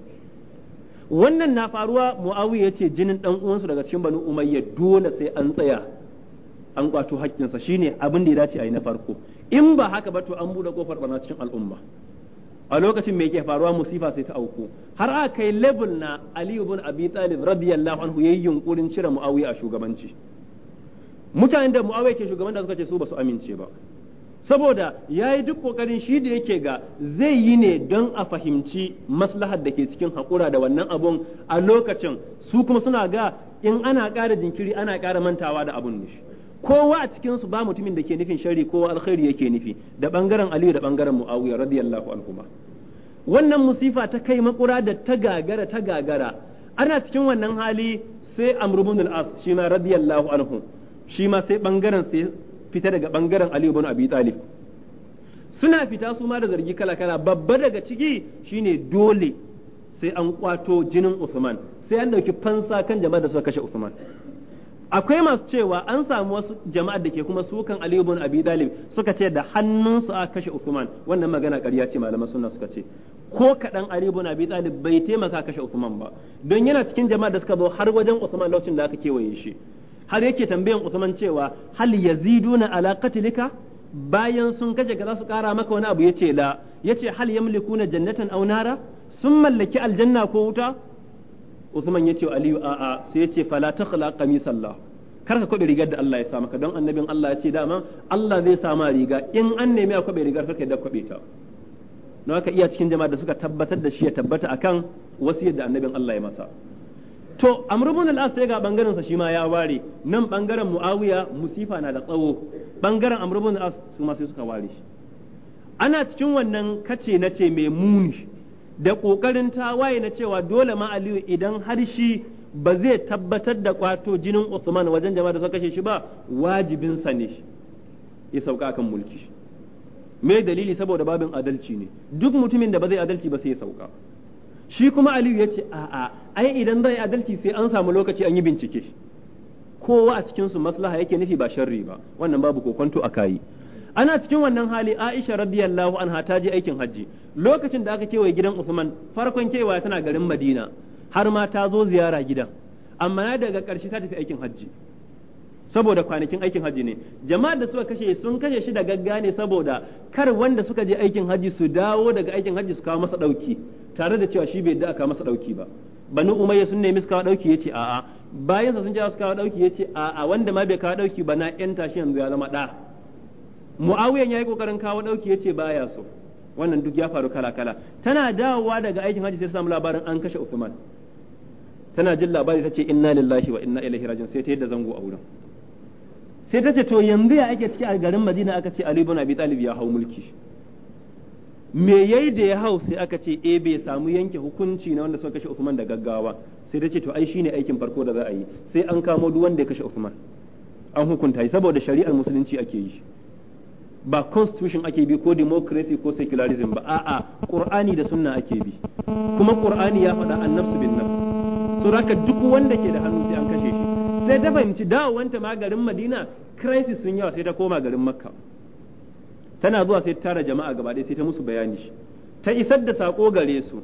wannan na faruwa Muawiya ya ce jinin dan uwansu daga cikin Banu Umayya dole sai an tsaya an kwato haƙƙinsa shine abin da ya dace a yi na farko in ba haka ba to an bude kofar barna cikin al'umma a lokacin me yake faruwa musifa sai ta auku har a kai level na Ali ibn Abi Talib radiyallahu anhu yayin yunkurin cire Muawiya a shugabanci mutanen da Muawiya ke shugaban da suka ce su ba su amince ba saboda yayi duk kokarin shi da yake ga zai yi ne don a fahimci maslahar da ke cikin hakura da wannan abun a lokacin su kuma suna ga in ana ƙara jinkiri ana ƙara mantawa da abun ne kowa a cikin su ba mutumin da ke nufin shari kowa alkhairi yake nufi da bangaren aliyu da bangaren mu'awiyar radiyallahu anhuma wannan musifa ta kai makura da ta gagara ta gagara ana cikin wannan hali sai amr ibn al shi ma radiyallahu anhu shi ma sai bangaren sai fita daga bangaren aliyu ibn abi talib suna fita su ma da zargi kala kala babba daga ciki shine dole sai an kwato jinin usman sai an dauki fansa kan jama'a da suka kashe usman akwai masu cewa an samu wasu jama'a da ke kuma sukan Ali ibn Abi Dalib suka ce da hannunsu a kashe ufuman wannan magana ƙarya ce malaman sunna suka ce ko kaɗan Ali ibn Abi dalib bai taimaka kashe ufuman ba don yana cikin jama'a da suka zo har wajen ufuman lokacin da aka kewaye shi har yake tambayan ufuman cewa hal yaziduna ala qatlika bayan sun kashe ka za su ƙara maka wani abu ya ce la ya ce hal yamlikuna jannatan aw nara sun mallaki aljanna ko wuta Usman ya yace Aliyu a'a sai yace fala takhla Allah kar ka kwabe rigar da Allah ya sa maka don annabin Allah ya ce dama Allah zai sa ma riga in an nemi a kwabe rigar kar da kwabe ta na haka iya cikin jama'a da suka tabbatar da shi ya tabbata akan wasiyar da annabin Allah ya masa to Amr ibn al-As ga bangaren sa shi ma ya ware nan bangaren Muawiya musifa na da tsawo bangaren Amr ibn al-As su ma sai suka ware shi ana cikin wannan kace nace mai muni da ƙoƙarin tawaye na cewa dole ma Aliyu idan har shi ba zai tabbatar da kwato jinin Usman wajen jama'a da suka kashe shi ba wajibinsa ne ya sauka kan mulki me dalili saboda babin adalci ne duk mutumin da ba zai adalci ba sai ya sauka shi kuma Aliyu ya ce a'a ai idan zai adalci sai an samu lokaci an yi bincike kowa a cikin su maslaha yake nufi ba sharri ba wannan babu kokonto a kayi ana cikin wannan hali Aisha radiyallahu anha ta je aikin hajji lokacin da aka kewaye gidan Usman farkon kewa tana garin Madina har ma ta zo ziyara gidan amma na daga ƙarshe ta tafi aikin hajji saboda kwanakin aikin hajji ne jama'ar da suka kashe sun kashe shi da gagga ne saboda kar wanda suka je aikin hajji su dawo daga aikin hajji su kawo masa dauki tare da cewa shi bai da aka masa dauki ba banu umayya sun nemi su kawo dauki yace a'a bayan sun ja su kawo dauki yace a'a wanda ma bai kawo dauki ba na yan tashi yanzu ya zama da'a muawiyan ya yi kokarin kawo dauki ce baya so wannan duk ya faru kala kala tana dawowa daga aikin hajji sai samu labarin an kashe Uthman tana jin labari ce inna lillahi wa inna ilaihi rajiun sai ta yadda zango a wurin sai ta ce to yanzu ya ake ciki a garin Madina aka ce Ali ibn Abi Talib ya hau mulki me yayi da ya hau sai aka ce eh bai samu yanke hukunci na wanda suka kashe Uthman da gaggawa sai ta ce to ai shine aikin farko da za a yi sai an kamo duk wanda ya kashe Uthman an hukunta shi saboda shari'ar musulunci ake yi ba constitution ake bi ko democracy ko secularism ba a'a qur'ani da sunna ake bi kuma qur'ani ya faɗa annafsu bin nafs so haka duk wanda ke da hannu sai an kashe shi sai ta fahimci dawowanta ma garin madina crisis sun yawa sai ta koma garin makka tana zuwa sai tara jama'a gaba ɗaya sai ta musu bayani shi ta isar da sako gare su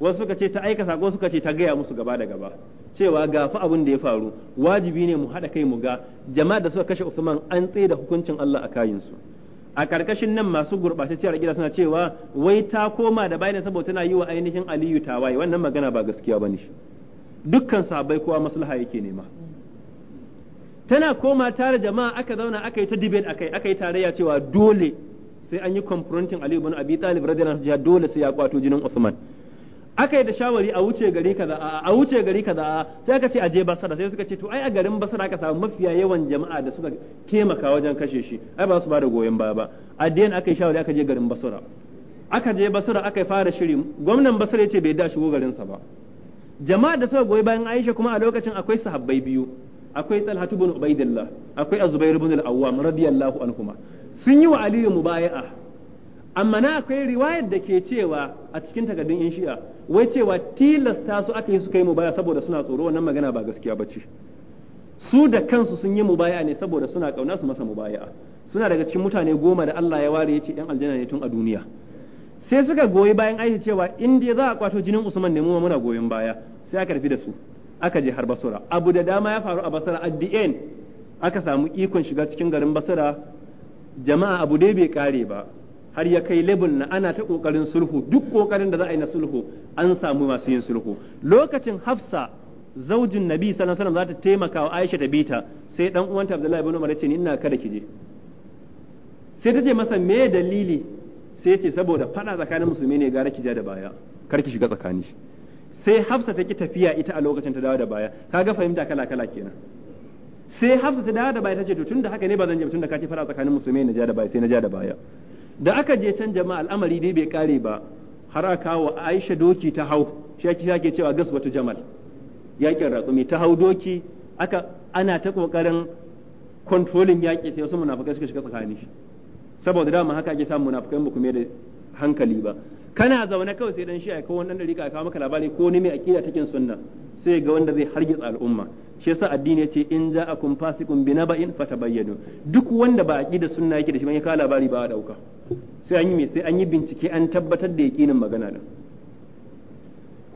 wasu suka ce ta aika sako suka ce ta gaya musu gaba da gaba cewa ga fa abin da ya faru wajibi ne mu haɗa kai mu ga jama'a da suka kashe Usman an tsaye da hukuncin Allah a kayinsu su a karkashin nan masu gurɓatacciyar gida suna cewa wai ta koma da bayan saboda tana yi wa ainihin aliyu ta tawaye wannan magana ba gaskiya ba ne dukkan sahabbai kowa maslaha yake nema tana koma tare jama'a aka zauna aka yi ta debate akai aka yi tarayya cewa dole sai an yi confronting aliyu bin abi talib radiyallahu anhu dole sai ya kwato jinin usman aka yi da shawari a wuce gari kaza a wuce gari kaza sai aka ce aje basara sai suka ce to ai a garin basara aka samu mafiya yawan jama'a da suka taimaka wajen kashe shi ai ba su ba da goyon baya ba a dayan aka yi shawari aka je garin basara aka je basara aka fara shiri gwamnan basara yace bai da shigo garin sa ba jama'a da suka goyi bayan Aisha kuma a lokacin akwai sahabbai biyu akwai Talha ibn Ubaidillah akwai Azubair ibn al-Awwam radiyallahu anhuma sun yi wa Aliyu mubaya'a amma na akwai riwayar da ke cewa a cikin takardun yan shi'a wai cewa tilasta su aka yi suka yi mubaya saboda suna tsoro wannan magana ba gaskiya bace su da kansu sun yi mubaya ne saboda suna kauna su masa mubaya'a suna daga cikin mutane goma da Allah ya ware yace yan aljanna ne tun a duniya sai suka goyi bayan Aisha cewa in dai za a kwato jinin Usman ne mu muna goyon baya sai aka tafi da su aka je har Basra abu da dama ya faru a Basra at the end aka samu ikon shiga cikin garin Basra jama'a abu dai bai kare ba har ya kai level na ana ta kokarin sulhu duk kokarin da za a yi na sulhu an samu masu yin sulhu lokacin hafsa zaujin nabi sallallahu alaihi wasallam za ta taimaka wa aisha ta bita sai dan uwanta abdullahi ibn umar ya ce ni ina kada ki je sai ta ce masa me dalili sai ce saboda fada tsakanin musulmi ne gara ki ja da baya kar ki shiga tsakani sai hafsa ta ki tafiya ita a lokacin ta dawo da baya kaga fahimta kala kala kenan sai hafsa ta dawo da baya ta ce to tunda haka ne ba zan je tunda ka ce fara tsakanin musulmi ne na ja da baya sai na ja da baya da aka je can jama'a al'amari dai bai kare ba har aka wa Aisha doki ta hau shi ake cewa gasbatu jamal yakin raƙumi ta hau doki aka ana ta kokarin kontrolin yaƙi sai wasu munafukai suka shiga tsakani shi saboda dama haka ake samun munafukai ba kuma da hankali ba kana zaune kawai sai dan shi aika wannan dari ka kawo maka labari ko ni mai akida take sunna sai ga wanda zai hargitsa al'umma shi yasa addini yace in ja'akum fasiqun bi fatabayyanu duk wanda ba akida sunna yake da shi ban ya kawo labari ba a dauka sai an yi me sai an yi bincike an tabbatar da yaƙinin magana din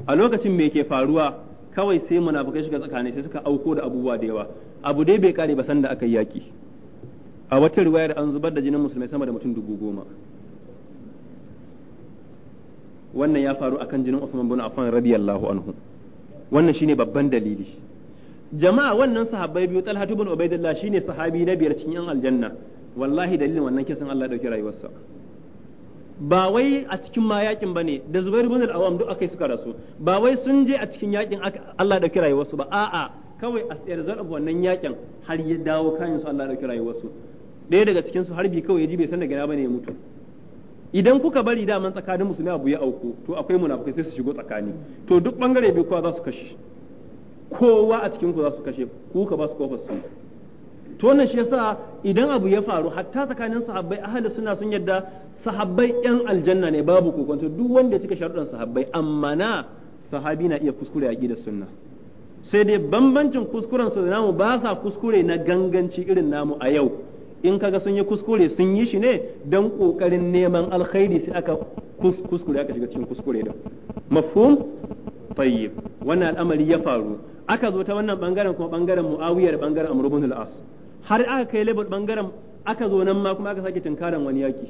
a lokacin me ke faruwa kawai sai munafukai shiga tsakani sai suka auko da abubuwa da yawa abu dai bai kare ba san da aka yi yaƙi a wata riwayar an zubar da jinin musulmai sama da mutum dubu goma wannan ya faru akan jinin Usman bin Affan radiyallahu anhu wannan shine babban dalili jama'a wannan sahabbai biyu talhatu bin Ubaidillah shine sahabi na biyar cikin aljanna wallahi dalilin wannan kisan Allah ya dauki rayuwarsa ba wai a cikin ma yakin bane da Zubair bin al awam duk akai suka rasu ba wai sun je a cikin yakin Allah da kirayi wasu ba a'a kawai a tsayar abu wannan yakin har ya dawo kayan su Allah da kirayi wasu ɗaya daga cikin su harbi kawai ya ji bai san daga ba bane ya mutu idan kuka bari daman tsakanin musulmi abu ya auku to akwai munafukai sai su shigo tsakani to duk bangare biyu kowa za su kashe kowa a cikin ku za su kashe ku ka ba su kofar su to wannan shi yasa idan abu ya faru hatta tsakanin sahabbai ahli sunna sun yadda sahabbai yan aljanna ne babu kokonto duk wanda cika sharuɗan sahabbai amma na sahabi na iya kuskure a da sunna sai dai bambancin kuskuren su da namu ba sa kuskure na ganganci irin namu a yau in kaga sun yi kuskure sun yi shi ne don kokarin neman alkhairi sai aka kuskure aka shiga cikin kuskure da mafhum tayyib wannan al'amari ya faru aka zo ta wannan bangaren kuma bangaren muawiya da bangaren amr ibn al-as har aka kai level bangaren aka zo nan ma kuma aka sake tinkaran wani yaki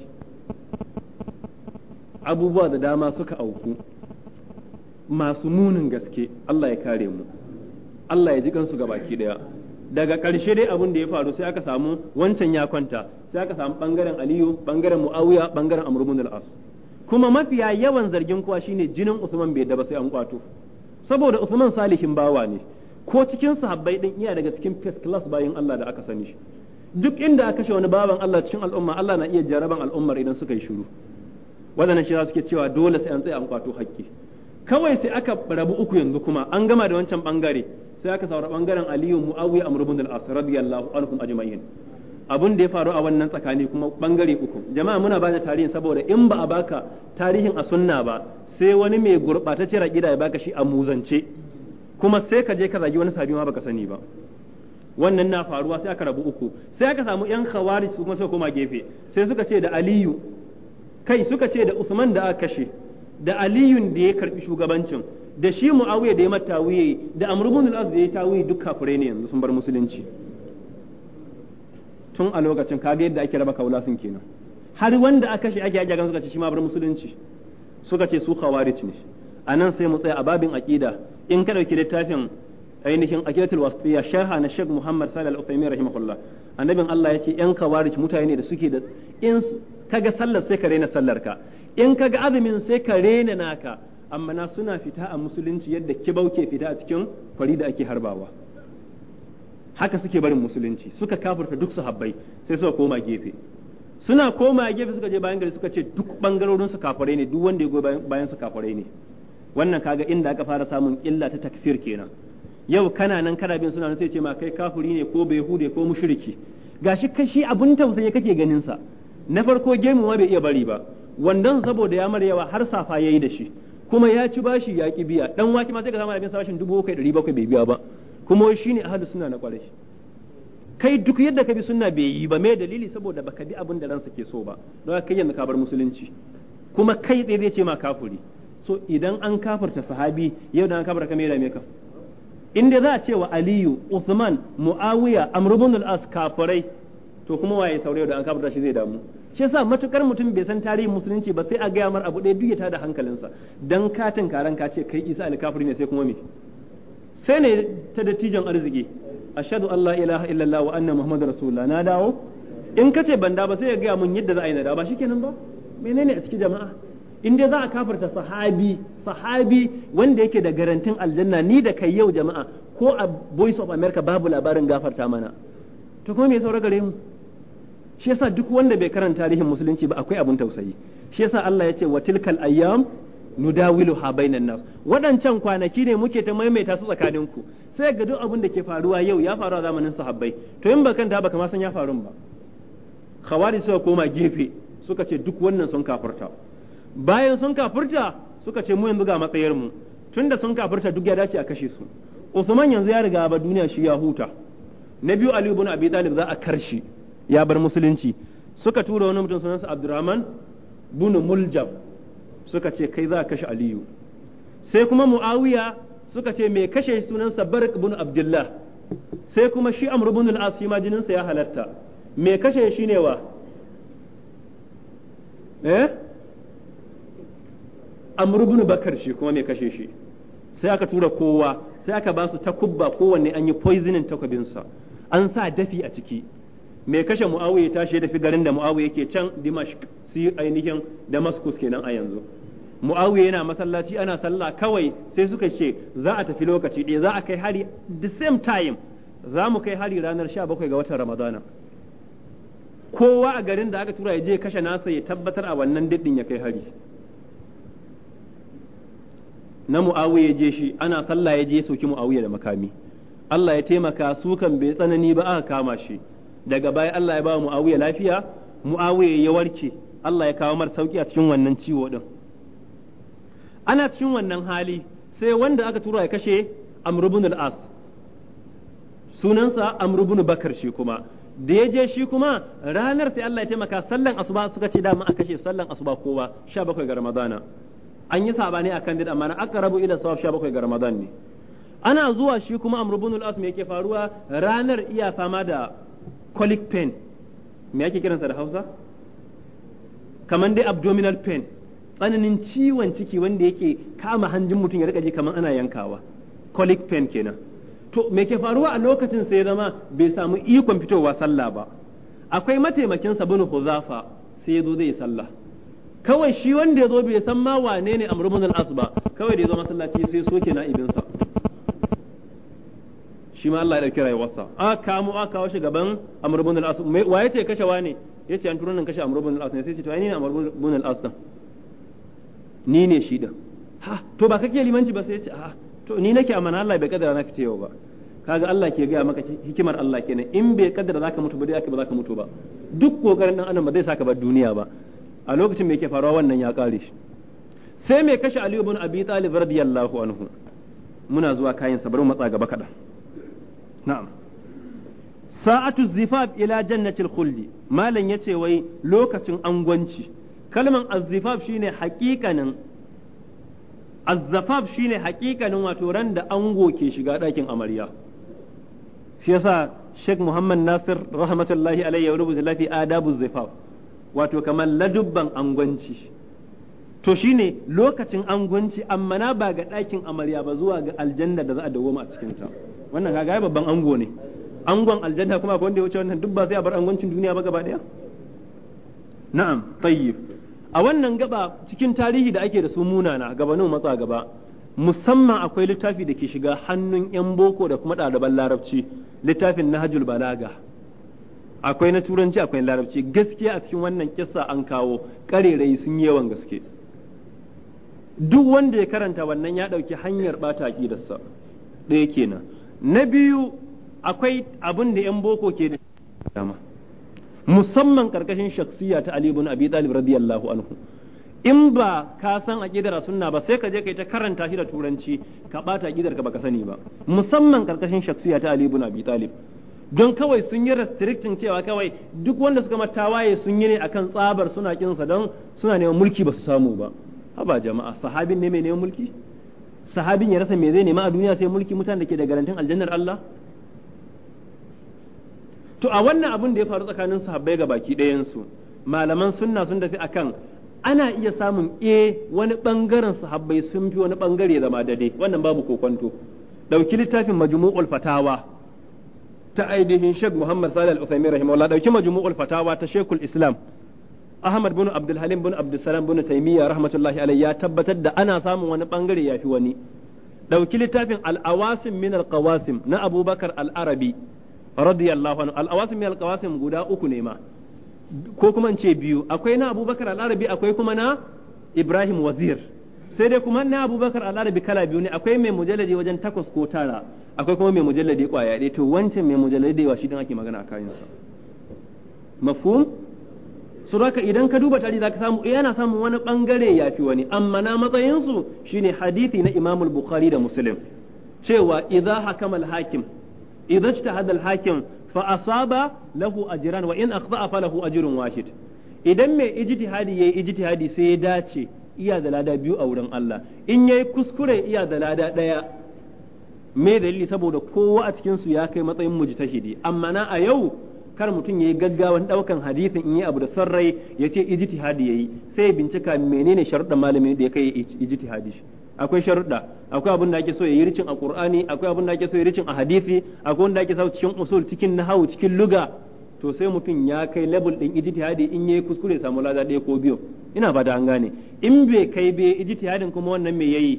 abubuwa da dama suka auku masu munin gaske Allah ya kare mu Allah ya ji kansu ga baki daya daga ƙarshe dai abin da ya faru sai aka samu wancan ya kwanta sai aka samu bangaren Aliyu bangaren Muawiya bangaren Amurmun al'as kuma mafiya yawan zargin kuwa shine jinin Usman bai daba sai an kwato saboda Usman salihin bawa ne ko cikin sahabbai din iya daga cikin first class bayin Allah da aka sani shi duk inda aka kashe wani baban Allah cikin al'umma Allah na iya jaraban al'ummar idan suka yi shuru wadannan shi suke cewa dole sai an tsaya an kwato hakki kawai sai aka rabu uku yanzu kuma an gama da wancan bangare sai aka saura bangaren Aliyu Muawiya Amr ibn al-As radiyallahu anhum ajma'in abun da ya faru a wannan tsakani kuma bangare uku jama'a muna ba da tarihin saboda in ba a baka tarihin a sunna ba sai wani mai gurbatacciyar aqida ya baka shi a muzance kuma sai ka je ka zagi wani sabi ma baka sani ba wannan na faruwa sai aka rabu uku sai aka samu yan khawarij su kuma suka koma gefe sai suka ce da aliyu kai suka ce da usman da aka kashe da aliyun da ya karbi shugabancin da shi muawiya da ya mata da amr ibn al-as da ya tawiye duk kafirai ne yanzu sun bar musulunci tun a lokacin kaga yadda ake raba kaula sun kenan har wanda aka kashe ake ake suka ce shi ma bar musulunci suka ce su khawarij ne anan sai mu tsaya a babin aqida in ka dauki littafin ainihin akidatul wasfiya sharha na Sheikh Muhammad Salih Al-Uthaymeen rahimahullah annabin Allah yace yan kawarij mutane da suke da in kaga sallar sai ka rena sallar ka in kaga azumin sai ka rena naka amma na suna fita a musulunci yadda kibau ke fita a cikin kwari da ake harbawa haka suke barin musulunci suka kafurta duk sahabbai sai suka koma gefe suna koma gefe suka je bayan gari suka ce duk bangarorin su kafare ne duk wanda ya goyi bayan su kafare ne wannan kaga inda aka fara samun illa ta takfir kenan yau kana nan kana bin suna sai ce ma kai kafuri ne ko bai hude ko mushriki gashi kashi abun tausayi kake ganin sa na farko gemu ma bai iya bari ba wandan saboda ya mara yawa har safa yayi da shi kuma ya ci bashi ya ki biya dan wake ma sai ka samu abin sashin dubu bai biya ba kuma shi ne ahlus sunna na kwarai kai duk yadda ka bi sunna bai yi ba mai dalili saboda baka bi abin da ransa ke so ba don kai yanzu ka bar musulunci kuma kai tsaye zai ce ma kafuri so idan an kafarta sahabi yau da an kafarta kamera mai ka inda dai za a ce wa aliyu usman muawiya amrubun ibn al kafirai to kuma waye saurayi da an kafirta shi zai damu shi yasa matukar mutum bai san tarihin musulunci ba sai a gaya mar abu ɗaya duk ya tada hankalinsa dan katin karan ka ce kai isa alkafiri ne sai kuma me sai ne ta dattijan arziki ashhadu an la ilaha illallah wa anna muhammadar rasulullah na dawo in ka kace banda ba sai ya gaya mun yadda za a yi na da ba shikenan ba menene a cikin jama'a in dai za a kafarta sahabi sahabi wanda yake da garantin aljanna ni da kai yau jama'a ko a voice of america babu labarin gafarta mana to kuma me saura gare mu shi yasa duk wanda bai karanta tarihin musulunci ba akwai abun tausayi shi yasa Allah ya ce wa tilkal ayyam ha bainan nas waɗancan kwanaki ne muke ta maimaita su tsakanin ku sai ga duk abun da ke faruwa yau ya faru a zamanin sahabbai to in bakan da baka ma san ya faru ba khawari suka koma gefe suka ce duk wannan sun kafarta. bayan sun kafurta suka ce mu yanzu ga matsayar mu tunda sun kafurta duk ya dace a kashe su Usman yanzu ya riga ba duniya shi ya huta na biyu Ali ibn Abi Talib za a karshe ya bar musulunci suka tura wani mutum sunansa Abdurrahman bin muljab suka ce kai za a kashe Aliyu sai kuma Muawiya suka ce mai kashe sunansa Barak bin Abdullah sai kuma shi Amr ibn al-As ma jininsa ya halatta mai kashe shi ne wa eh amr ibn bakar shi kuma mai kashe shi sai aka tura kowa sai aka ba su takubba kowanne an yi poisoning sa an sa dafi a ciki mai kashe muawiya tashi ya tafi garin da muawiya yake can dimashq si ainihin damascus kenan a yanzu muawiya yana masallaci ana sallah kawai sai suka ce za a tafi lokaci ɗaya za a kai hari the same time za mu kai hari ranar sha 17 ga watan ramadana kowa a garin da aka tura ya je kashe nasa ya tabbatar a wannan daɗin ya kai hari na ya je shi ana sallah ya je soki muawiya da makami Allah ya taimaka su kan bai tsanani ba aka kama shi daga baya Allah ya ba muawiya lafiya muawiya ya warke Allah ya kawo mar sauki a cikin wannan ciwo din ana cikin wannan hali sai wanda aka tura ya kashe amr ibn al-as sunansa amr ibn bakar shi kuma da ya je shi kuma ranar sai Allah ya taimaka sallan asuba suka ce dama a kashe sallan asuba kowa 17 ga ramadana an yi sabani akan dida amma na aqrabu ila sawab 17 ga ramadan ne ana zuwa shi kuma amr ibn al yake faruwa ranar iya fama da colic pain me yake kiransa da Hausa kamar dai abdominal pain tsananin ciwon ciki wanda yake kama hanjin mutum ya rika ji kaman ana yankawa colic pain kenan to me ke faruwa a lokacin sai zama bai samu ikon fitowa sallah ba akwai mataimakin sabunu huzafa sai ya zo zai sallah kawai shi wanda ya zo bai san ma wane ne amr ibn al ba kawai da ya zo masallaci sai soke na ibinsa shi ma Allah ya ya rayuwarsa a kamo a kawo shi gaban amr ibn al-as wa yace kashe wane yace an turunan kashe amr ibn al ne sai ce to ai ni ne amr ibn al-as ni ne shi da ha to ba kake limanci ba sai ce a to ni nake amana Allah bai kadara na fice yau ba kaga Allah ke gaya maka hikimar Allah kenan in bai kaddara zaka mutu ba dai aka ba zaka mutu ba duk kokarin dan adam ba zai saka ba duniya ba a lokacin mai ke faruwa wannan ya kare shi sai mai kashe Ali ibn Abi Talib radiyallahu anhu muna zuwa kayan sabar matsa gaba kaɗan. na'am sa'atu zifaf ila jannatil khuldi malam yace wai lokacin angwanci kalman azzifaf shine haƙiƙanin azzafaf shine haƙiƙanin wato ran da ango ke shiga ɗakin amarya shi yasa Sheikh Muhammad Nasir rahmatullahi alayhi ya rubuta adabu zifaf wato kamar ladubban angwanci to shine lokacin angwanci amma na ba ga ɗakin amarya ba zuwa ga aljanna da za a dawoma a cikin ta wannan kaga babban ango ne angon aljanna kuma akwai wanda ya wuce wannan duk ba sai a bar angwancin duniya ba gaba daya na'am tayyib a wannan gaba cikin tarihi da ake da su munana nan matsa gaba musamman akwai littafi da ke shiga hannun yan boko da kuma ɗaliban larabci littafin nahjul balaga akwai na turanci akwai na larabci gaskiya a cikin wannan kissa an kawo karerai sun yi yawan gaske duk wanda ya karanta wannan ya ɗauki hanyar bata aƙidarsa ɗaya kenan na biyu akwai abin da 'yan boko ke da dama musamman karkashin shaksiya ta Ali ibn Abi Talib radiyallahu anhu in ba ka san aqidar sunna ba sai ka je kai ta karanta shi da turanci ka bata aqidar ka baka sani ba musamman karkashin shaksiya ta Ali ibn Abi Talib don kawai sun yi restricting cewa kawai duk wanda suka waye sun yi ne akan tsabar suna kinsa don suna neman mulki ba su samu ba haba jama'a sahabin ne mai neman mulki sahabin ya rasa me zai nema a duniya sai mulki mutanen da ke da garantin aljannar Allah to a wannan abun da ya faru tsakanin sahabbai ga baki ɗayan su malaman sunna sun tafi akan ana iya samun e wani bangaren sahabbai sun fi wani bangare zama dade wannan babu kokonto dauki littafin majmu'ul fatawa ta ainihin Sheikh Muhammad Salih Al-Uthaymeen rahimahullah dauki majmu'ul fatawa ta Sheikhul Islam Ahmad bin Abdul Halim bin Abdul Salam bin Taymiyyah rahmatullahi alayhi ya tabbatar da ana samun wani bangare yafi wani dauki littafin Al-Awasim min Al-Qawasim na Abu Bakar Al-Arabi radiyallahu anhu Al-Awasim min Al-Qawasim guda uku ne ma ko kuma ce biyu akwai na Abu Bakar Al-Arabi akwai kuma na Ibrahim Wazir sai dai kuma na Abu Bakar Al-Arabi kala biyu ne akwai mai mujalladi wajen takwas ko tara akwai kuma mai mujalladi kwaya ɗaya to wancan mai mujalladi da yawa shi dan ake magana a kayansa. sa mafhum su idan ka duba tarihi zaka samu eh, yana samun wani bangare yafi wani amma na matsayin su shine hadisi na Imam Bukhari da Muslim cewa idza hakama al-hakim idza ijtahada al-hakim fa asaba lahu ajran wa in akhta'a falahu ajrun wahid idan mai ijtihadi yayi ijtihadi sai ya dace iya da lada biyu a wurin Allah in yayi kuskure iya da lada daya me dalili saboda kowa a cikin su ya kai matsayin mujtahidi amma na a yau kar mutum ya yayi gaggawan daukan hadisin in yi abu da son rai ya ce ijtihadi yayi sai bincika menene sharuɗa malamin da ya kai ijtihadi akwai sharuɗa akwai abin da ake so yayi ricin a qur'ani akwai abin da ake so yayi ricin a hadisi akwai da ake so cikin usul cikin nahawu cikin luga to sai mutum ya kai level din ijtihadi in yayi kuskure samu lada ɗaya ko biyu ina fata an gane in bai kai bai ijtihadin kuma wannan me yayi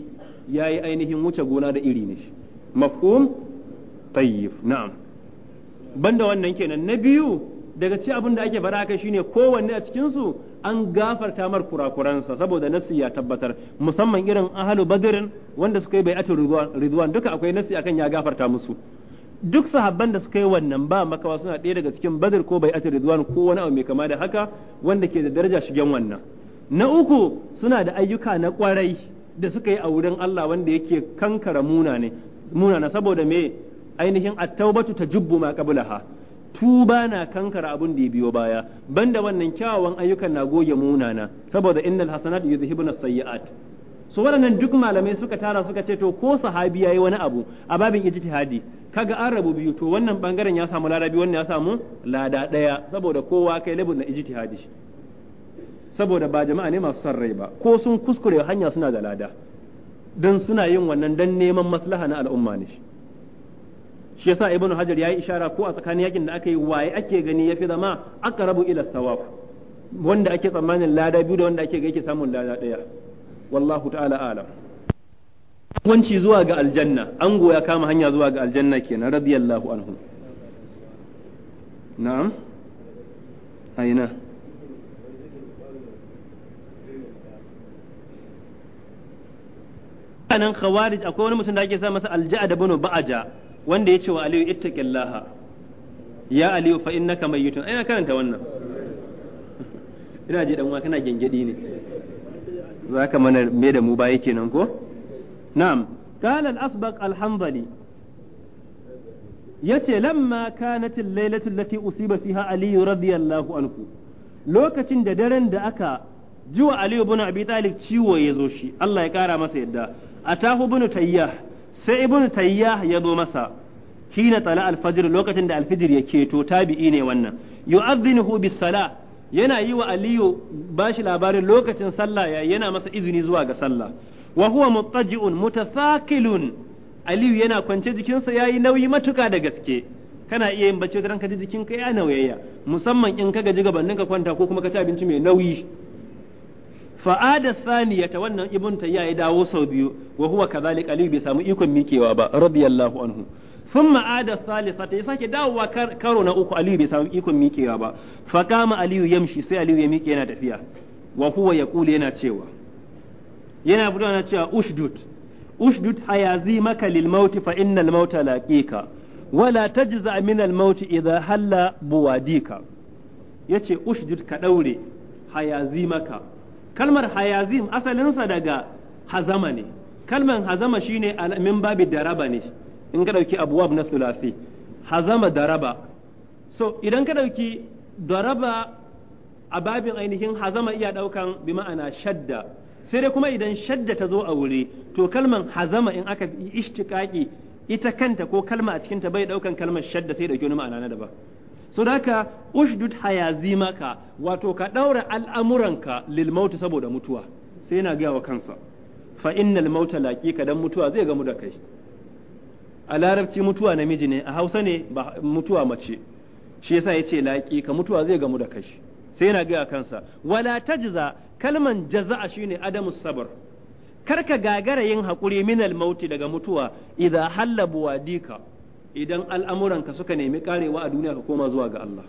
yayi ainihin wuce gona da iri ne shi mafhum tayyib na'am banda wannan kenan na biyu daga ci abin da ake fara kai shine kowanne a cikin su an gafarta mar kurakuransa saboda nasi ya tabbatar musamman irin ahalu badirin wanda suka yi bai'atul ridwan duka akwai nasi akan ya gafarta musu duk sahabban da suka yi wannan ba makawa suna ɗaya daga cikin badir ko bai'atul ridwan ko wani abu mai kama da haka wanda ke da daraja shigen wannan na uku suna da ayyuka na kwarai da suka yi a wurin Allah wanda yake kankara muna ne munana saboda me ainihin at-taubatu tajubbu ma qablaha tuba na kankara abun da ya biyo baya banda wannan kyawawan ayyukan na goge munana saboda innal hasanat yuzhibuna sayyi'at su waɗannan duk malamai suka tara suka ce to ko sahabi yayi wani abu a babin ijtihadi kaga an rabu biyu to wannan bangaren ya samu larabi wannan ya samu lada daya saboda kowa kai labun na ijtihadi saboda ba jama'a ne masu son rai ba ko sun kuskure hanya suna da lada don suna yin wannan don neman maslaha na al'umma ne shi yasa ibnu hajar yayi ishara ko a tsakanin yakin da aka yi waye ake gani yafi zama aqrabu ila sawab wanda ake tsammanin lada biyu da wanda ake ga yake samun lada daya wallahu ta'ala alam wanci zuwa ga aljanna an goya kama hanya zuwa ga aljanna kenan radiyallahu anhu na'am aina anan khawarij akwai wani mutum da ake sa masa alja'a da bunu ba'aja wanda ya ce wa aliyu ittaqillaha ya aliyu fa innaka mayyitun ai karanta wannan [LAUGHS] ina ji dan kana gengedi ne zaka mana me da mu baya kenan ko na'am qala al-asbaq al-hanbali yace lamma kanat al laylatu allati usiba fiha aliyu radiyallahu anhu lokacin da daren da aka ji wa aliyu ibn abi talib ciwo ya zo shi Allah ya kara masa yadda atahu ibn tayyah sai ibn tayyah ya zo masa Kina tala alfajir lokacin da alfijir ya keto tabi'i ne wannan yu'adhdhinuhu bis sala yana yi wa aliyu bashi labarin lokacin sallah ya yana masa izini zuwa ga sallah wa huwa muttaji'un mutathaqilun aliyu yana kwance jikinsa yayi nauyi matuka da gaske kana iya yin bacci ranka ji jikinka ya nauyayya musamman in ka gaji gabanin ka kwanta ko kuma ka ci abinci mai nauyi fa'ada ta wannan ibn tayya ya dawo sau biyu wa huwa ali bai samu ikon mikewa ba radiyallahu anhu thumma ada salisa ta sake dawowa karo na uku ali bai samu ikon mikewa ba fa kama ali yamshi sai ali ya mike yana tafiya wahuwa ya yaqulu yana cewa yana fitowa na cewa ushdud ushdud hayazi maka lil mauti fa innal mauta laqiqa wala tajza min al mauti idha halla buwadika yace ushdud ka daure hayazimaka kalmar hayazim asalinsa daga hazama ne kalman hazama shine min babi daraba ne in ka dauki abuwab na sulasi hazama daraba so idan ka dauki daraba a babin ainihin hazama iya daukan bi ma'ana shadda sai dai kuma idan shadda ta zo a wuri to kalman hazama in aka ishtiqaqi ita kanta ko kalma a cikin ta bai daukan kalmar shadda sai dauki wani ma'ana na daban so da haka ushdud hayazimaka wato ka daura al'amuranka lil saboda mutuwa sai yana gaya wa kansa fa innal mauta laki dan mutuwa zai gamu da kai a larabci mutuwa namiji ne a hausa ne mutuwa mace shi yasa yace ka mutuwa zai gamu da kai sai yana gaya kansa wala tajza kalman jaza'a shine adamu sabr kar ka gagara yin hakuri minal mauti daga mutuwa idan hallabu wadika idan al'amuran ka suka nemi karewa a duniya ka koma zuwa ga Allah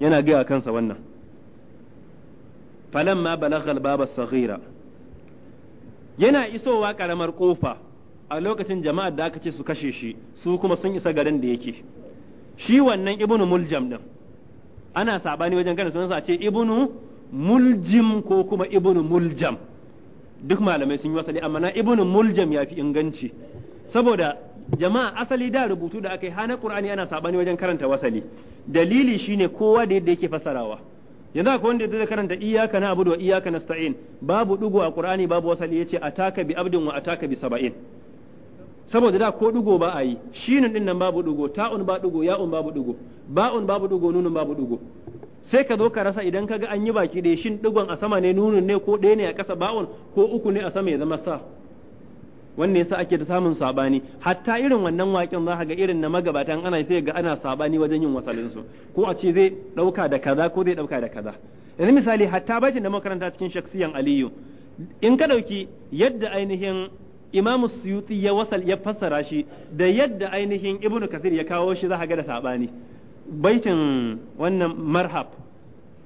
yana gaya kansa wannan falamma balagha albaba baba saghira yana isowa karamar kofa a lokacin jama'ar da aka ce su kashe shi su kuma sun isa garin da yake shi wannan ibnu muljam din ana sabani wajen gane sunansa a ce ibnu muljim ko kuma ibnu muljam duk malamai sun yi wasali amma na ibnu muljam ya fi inganci saboda jama'a asali da rubutu da aka yi hana qur'ani ana sabani wajen karanta wasali dalili shine kowa da yadda yake fasarawa yanzu akwai wanda zai karanta na abudu wa iyyaka nasta'in babu dugo a qur'ani babu wasali yace ataka bi abdin wa ataka bi saba'in saboda da ko dugo ba a yi shinin din nan babu dugo ta'un ba dugo ya'un babu dugo ba'un babu dugo nunun babu dugo sai ka zo ka rasa idan ka ga an yi baki ɗaya shin dugon a sama ne nunun ne ko ɗaya ne a ƙasa ba'un ko uku ne a sama ya zama sa wanne yasa ake da samun sabani hatta irin wannan waken za ga irin na magabatan ana sai ga ana sabani wajen yin wasalin su ko a ce zai dauka da kaza ko zai dauka da kaza yanzu misali hatta bacin da makaranta cikin shaksiyan aliyu in ka dauki yadda ainihin Imam Suyuti ya wasal ya fassara shi da yadda ainihin ibnu Kathir ya kawo shi za ga da sabani baitin wannan marhab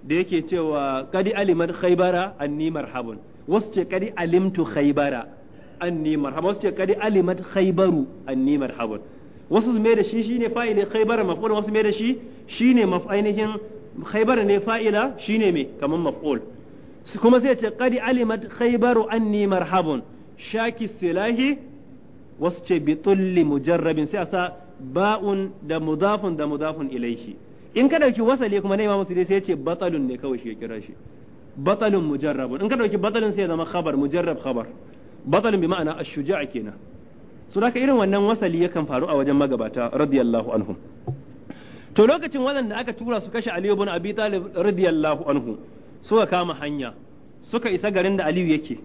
da yake cewa kadi alimat khaybara anni marhabun wasu ce kadi alimtu khaybara anni marhaban su ce kadi alimat khaybaru anni marhaban wasu su mai da shi shine fa'ilin khaybara maf'ul wasu mai da shi shine maf ainihin khaybara ne fa'ila shine me kaman maf'ul kuma sai ce kadi alimat khaybaru anni marhaban shaki silahi wasu ce bi tulli mujarrabin sai a sa ba'un da mudafun da mudafun ilaihi in ka dauki wasali kuma ne imamu sai sai ce batalun ne kawai shi ya kira shi batalun mujarrabun in ka dauki batalun sai ya zama khabar mujarrab khabar batalin bi ma'ana ash-shuja'a kenan so haka irin wannan wasali yakan faru a wajen magabata radiyallahu anhum to lokacin da aka tura su kashe Aliyu bin Abi Talib radiyallahu anhu suka kama hanya suka isa garin da Aliyu yake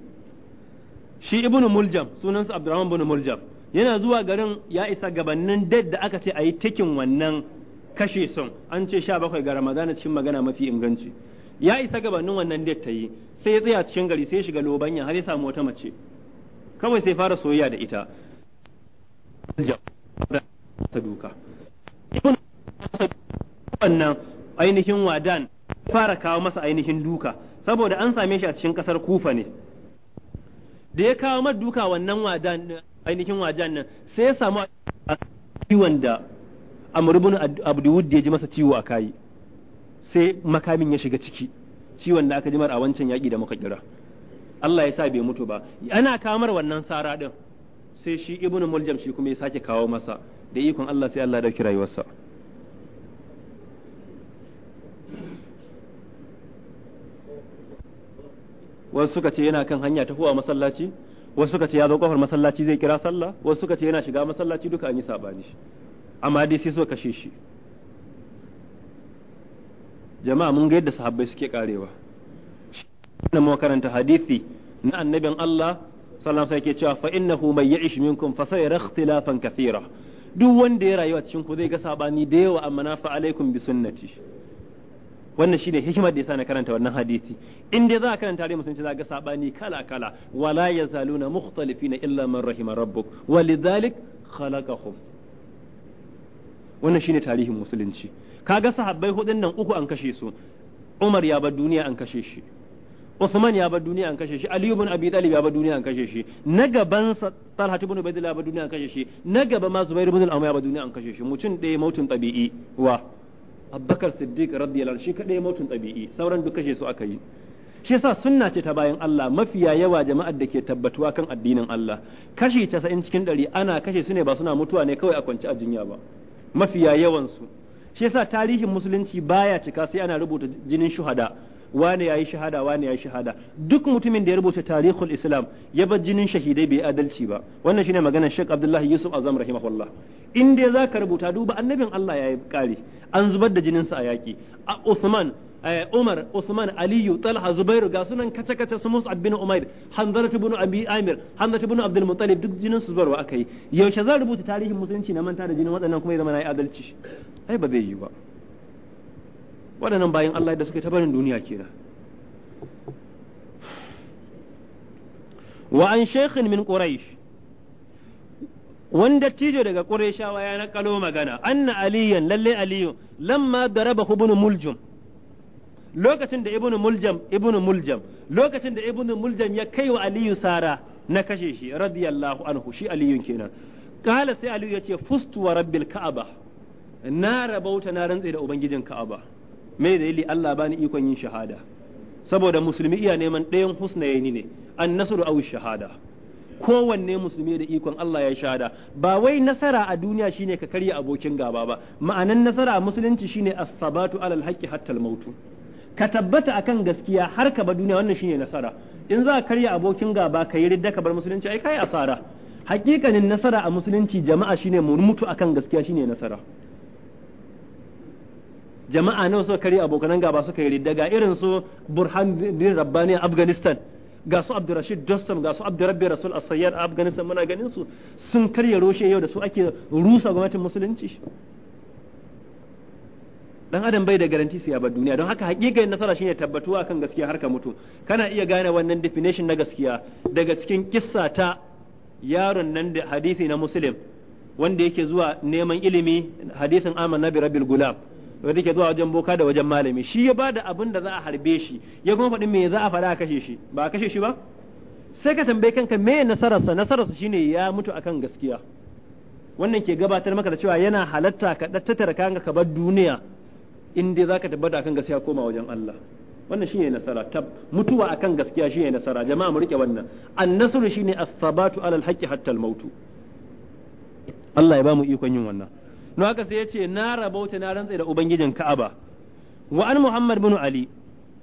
shi ibnu muljam sunansa Abdurrahman ibnu muljam yana zuwa garin ya isa gabanin dad da aka ce a yi takin wannan kashe son an ce sha bakwai ga ramadana cikin magana mafi inganci ya isa gabanin wannan dad tayi sai ya tsaya cikin gari sai ya shiga lobanya har ya samu wata mace kawai sai fara soyayya da ita ta duka ibn wannan ainihin wadan fara kawo masa ainihin duka saboda an same shi a cikin kasar kufa ne da ya kawo masa duka wannan wadan ainihin wadan nan sai ya samu ciwon da amr ibn abdulwud ya ji masa ciwo a kai sai makamin ya shiga ciki ciwon da aka jimar a wancan yaƙi da muka kira Allah ya sa bai mutu ba ana kamar wannan sara din sai shi ibnu muljam shi kuma ya sake kawo masa da ikon Allah sai Allah ya dauki rayuwarsa wasu suka ce yana kan hanya ta huwa masallaci wasu suka ce ya zo kofar masallaci zai kira sallah wasu suka ce yana shiga masallaci duka an yi sabani shi amma dai sai so kashe shi jama'a mun ga yadda sahabbai suke karewa mu karanta hadisi na annabin Allah sallallahu alaihi yake cewa fa innahu may ya'ish minkum fa sayara ikhtilafan kathira duk wanda ya rayuwa cikin ku zai ga sabani da yawa amma na alaikum bi sunnati wannan shine hikimar da yasa na karanta wannan hadisi in dai za ka karanta dai musulunci za ga sabani kala kala wala yazaluna mukhtalifina illa man rahima rabbuk walidhalik khalaqahum wannan shine tarihin musulunci kaga sahabbai hudun nan uku an kashe su Umar ya bar duniya an kashe shi Uthman ya bar duniya an kashe shi Ali ibn Abi Talib ya bar duniya an kashe shi na gaban Talha ibn Ubaydillah ya bar duniya an kashe shi na gaba ma Zubair ibn al-Awwam ya bar duniya an kashe shi mutum ɗaya mautun tabi'i wa Abubakar Siddiq radiyallahu anhu shi kadai mautun tabi'i sauran duk kashe su aka yi shi yasa sunna ce ta bayan Allah mafiya yawa jama'ar da ke tabbatuwa kan addinin Allah kashi 90 cikin 100 ana kashe su ne ba suna mutuwa ne kawai a kwance a jinya ba mafiya yawan su shi yasa tarihin musulunci baya cika sai ana rubuta jinin shuhada wane yayi shahada wane yi shahada duk mutumin da ya rubuta tarihul islam ya bar jinin shahidai bai adalci ba wannan shine maganar shek Abdullahi Yusuf Azam rahimahullah in dai ka rubuta duba annabin Allah ya yi kare an zubar da jinin sa a yaƙi. a Uthman eh, Umar Uthman Aliyu Talha Zubairu ga sunan kace kace su Mus'ab bin Umair Hanzalatu bin Abi Amir Hanzalatu bin Abdul Muttalib duk jinin su zubarwa aka yi yaushe zan rubuta tarihin musulunci na manta da jinin waɗannan kuma ya zama na yi adalci ai ba zai yi ba waɗannan bayan Allah da suka ta barin duniya kenan wa an shekhin min quraish wanda tijo daga qurayshawa ya nakalo magana anna aliyan lalle aliyu lamma daraba ibn muljum lokacin da ibn muljam ibn muljam lokacin da ibn muljam ya kai wa aliyu sara na kashe shi radiyallahu anhu shi aliyun kenan kala sai aliyu ya ce fustu rabbil ka'aba na rabauta na rantse da ubangijin ka'aba me yi Allah bani ikon yin shahada saboda musulmi iya neman ɗayan husnayeni ne an nasaru aw shahada kowanne musulmi da ikon Allah ya shahada ba wai nasara a duniya shine ka karya abokin gaba ba ma'anan nasara a musulunci shine as-sabatu alal haqqi hatta mautu ka tabbata akan gaskiya har ka ba duniya wannan shine nasara in za ka karya abokin gaba ka yi ridda ka bar musulunci ai kai asara hakikanin nasara a musulunci jama'a shine mu mutu akan gaskiya shine nasara jama'a nawa suka kare abokanan gaba suka yi ridda ga irin su Burhan din rabbani afghanistan ga su abdurrashid dostum ga su abdurrabbi rasul asayyar afghanistan muna ganin su sun karya roshe yau da su ake rusa gwamnatin musulunci dan adam bai da garanti sai ba duniya don haka hakikan nasara shine tabbatuwa kan gaskiya har ka mutu kana iya gane wannan definition na gaskiya daga cikin kissa ta yaron nan da hadisi na muslim wanda yake zuwa neman ilimi hadisin aman nabi rabbil gulam wanda ke zuwa wajen boka da wajen malami shi ya bada abin da za a harbe shi ya kuma faɗi me za a faɗa a kashe shi ba a kashe shi ba sai ka tambaye kanka me nasararsa nasararsa shine ya mutu akan gaskiya wannan ke gabatar maka da cewa yana halatta ka tattara kanka ka bar duniya in dai zaka tabbata akan gaskiya koma wajen Allah wannan shine nasara tab mutuwa akan gaskiya shine nasara jama'a mu rike wannan annasru shine as-sabatu alal haqqi hatta al-maut Allah ya ba mu ikon yin wannan don haka sai ya ce na rabauta na rantsa da ubangijin ka'aba wa an muhammad bin ali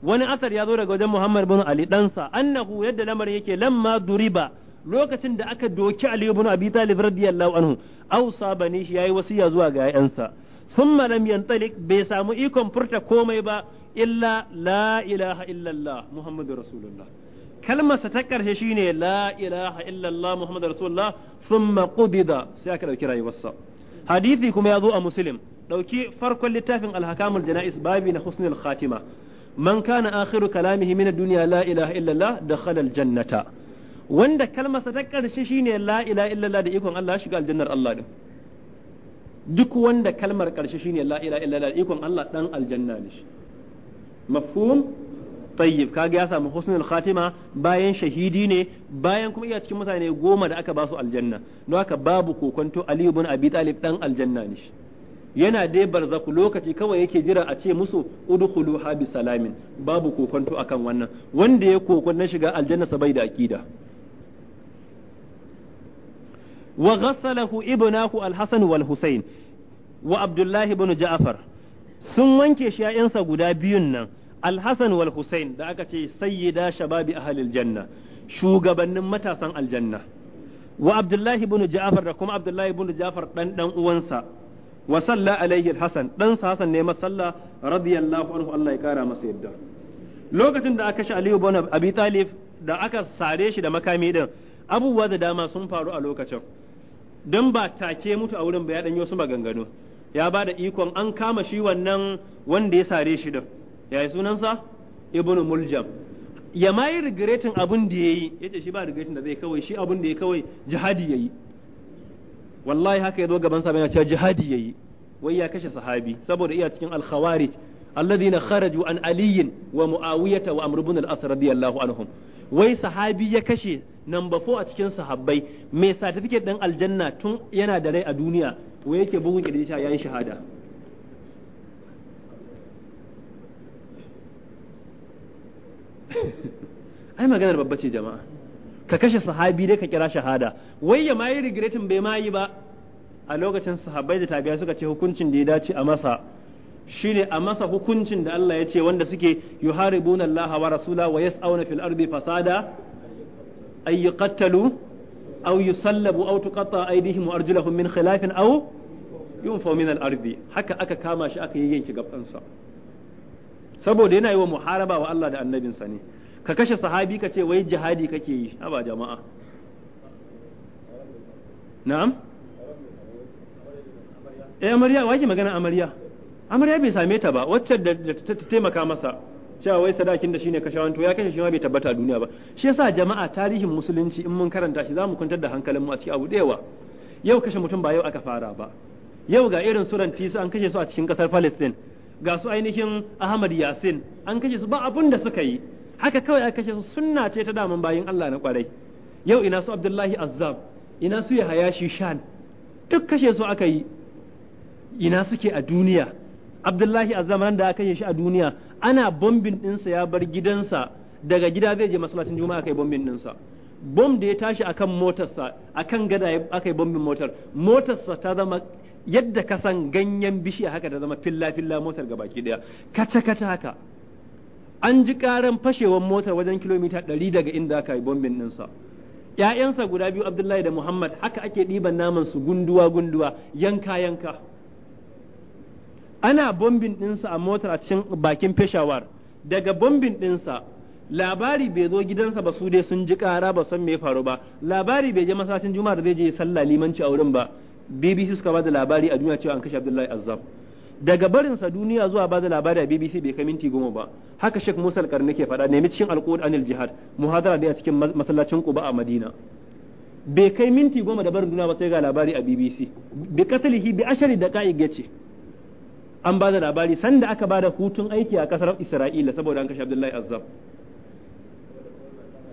wani asar ya zo daga wajen muhammad bin ali ɗansa annahu yadda lamarin yake lamma duriba lokacin da aka doki ali bin abi talib radiyallahu anhu awsa bani shi yayi wasiya zuwa ga yayansa thumma lam yantalik bai samu ikon furta komai ba illa la ilaha illallah muhammadur rasulullah kalmarsa ta karshe shine la ilaha illallah muhammadur rasulullah thumma qudida sai aka dauki rayuwarsa hadisi kuma ya zo a muslim ɗauki farkon littafin alhakamul jana'is babi na husnul khatima man kana akhiru kalamihi min ad-dunya la ilaha illallah dakhala al-jannata wanda kalmarsa ta karshe shine la ilaha illallah da ikon Allah shiga aljannar Allah din duk wanda kalmar karshe shine la ilaha illallah da ikon Allah dan aljanna ne mafhum tayyib kaga ya samu husnul khatima bayan shahidi ne bayan kuma iya cikin mutane goma da aka ba su aljanna don haka babu kokonto ali ibn abi talib dan aljanna ne yana dai barzaku lokaci kawai yake jira a ce musu udkhulu habi salamin babu kokonto akan wannan wanda ya kokon na shiga aljanna sa bai da akida wa ghassalahu ibnahu al-hasan wal husayn wa abdullahi ibn ja'far sun wanke shi ‘ya'yansa guda biyun nan alhassan wal hussein da aka ce sayyida shababi ahalil janna shugabannin matasan aljanna wa abdullahi ibn ja'far da kuma abdullahi ibn ja'far dan dan uwansa wa salla alaihi Hassan dan sa hasan ne masalla radiyallahu anhu Allah ya kara masa yadda lokacin da aka shi aliyu ibn abi talib da aka sare shi da makami din abubuwa da dama sun faru a lokacin don ba take mutu a wurin ba ya danyo su maganganu ya ba da ikon an kama shi wannan wanda ya sare shi din yayi sunansa ibn muljam ya ma yi regretin abin da yayi yace shi ba regretin da zai kawai shi abin da ya kawai jihadi yayi wallahi haka yazo gaban sa yana cewa jihadi yayi wai ya kashe sahabi saboda iya cikin al-khawarij alladhina kharaju an aliyin wa muawiyata wa amr ibn al-as radiyallahu anhum wai sahabi ya kashe number 4 a cikin sahabbai mai certificate dan aljanna tun yana da rai a duniya wai yake bugun kirji ya yayi shahada ai maganar babba ce jama'a ka kashe sahabi dai ka kira shahada wai ya mayi regretin bai mayi ba a lokacin sahabbai da tabiya suka ce hukuncin da ya dace a masa shine a masa hukuncin da Allah ya ce wanda suke yuharibuna Allah wa rasula wa yas'auna fil ardi fasada ay yuqtalu aw yusallabu aw tuqatta aydihim wa arjuluhum min khilafin aw yunfaw min al ardi haka aka kama shi aka yi yayyanke gabansa saboda yana yi wa muharaba wa Allah da annabinsa ne ka kashe sahabi ka ce wai jihadi kake yi haba jama'a na'am eh amarya wake magana amarya amarya bai same ta ba wacce da ta taimaka masa cewa wai sadakin da shine kashawan to ya kashe shi ma bai tabbata a duniya ba shi yasa jama'a tarihin musulunci in mun karanta shi za mu kwantar da hankalin mu a cikin abu dayawa yau kashe mutum ba yau aka fara ba yau ga irin suran tisa an kashe su a cikin kasar Palestine ga su ainihin Ahmad Yasin an kashe su ba abun da suka yi haka kawai aka kashe su sunna ce ta daman bayin Allah na kwarai yau ina su Abdullahi Azzab ina su hayashi Shan duk kashe su aka yi ina suke a duniya Abdullahi Azzab nan da aka kashe shi a duniya ana bombin sa ya bar gidansa daga gida zai je masallacin juma'a kai bombin sa. bom da ya tashi akan motarsa akan gada aka yi bombin motar motarsa ta zama yadda ka san ganyen bishiya haka ta zama filla filla motar ga baki daya kaca kaca haka an ji karan fashewar motar wajen kilomita ɗari daga inda aka yi bombin ɗinsa ‘ya'yansa guda biyu abdullahi da muhammad haka ake ɗiban naman su gunduwa gunduwa yanka yanka ana bombin ɗinsa a motar a cikin bakin peshawar daga bombin ɗinsa labari bai zo gidansa ba su dai sun ji kara ba san me faru ba labari bai je masashin juma'a da zai je sallah limanci a wurin ba BBC suka bada labari a duniya cewa an kashe Abdullahi Azzam daga barinsa duniya zuwa bada labari a BBC bai kai minti goma ba haka Sheikh Musa Al-Qarni ke faɗa nemi cikin al anil Jihad muhadara da a cikin masallacin Quba a Madina bai kai minti goma da barin duniya ba sai ga labari a BBC bi qatlihi bi ashari daqa'iq gace. an bada labari sanda aka bada hutun aiki a kasar Isra'ila saboda an kashe Abdullahi Azzam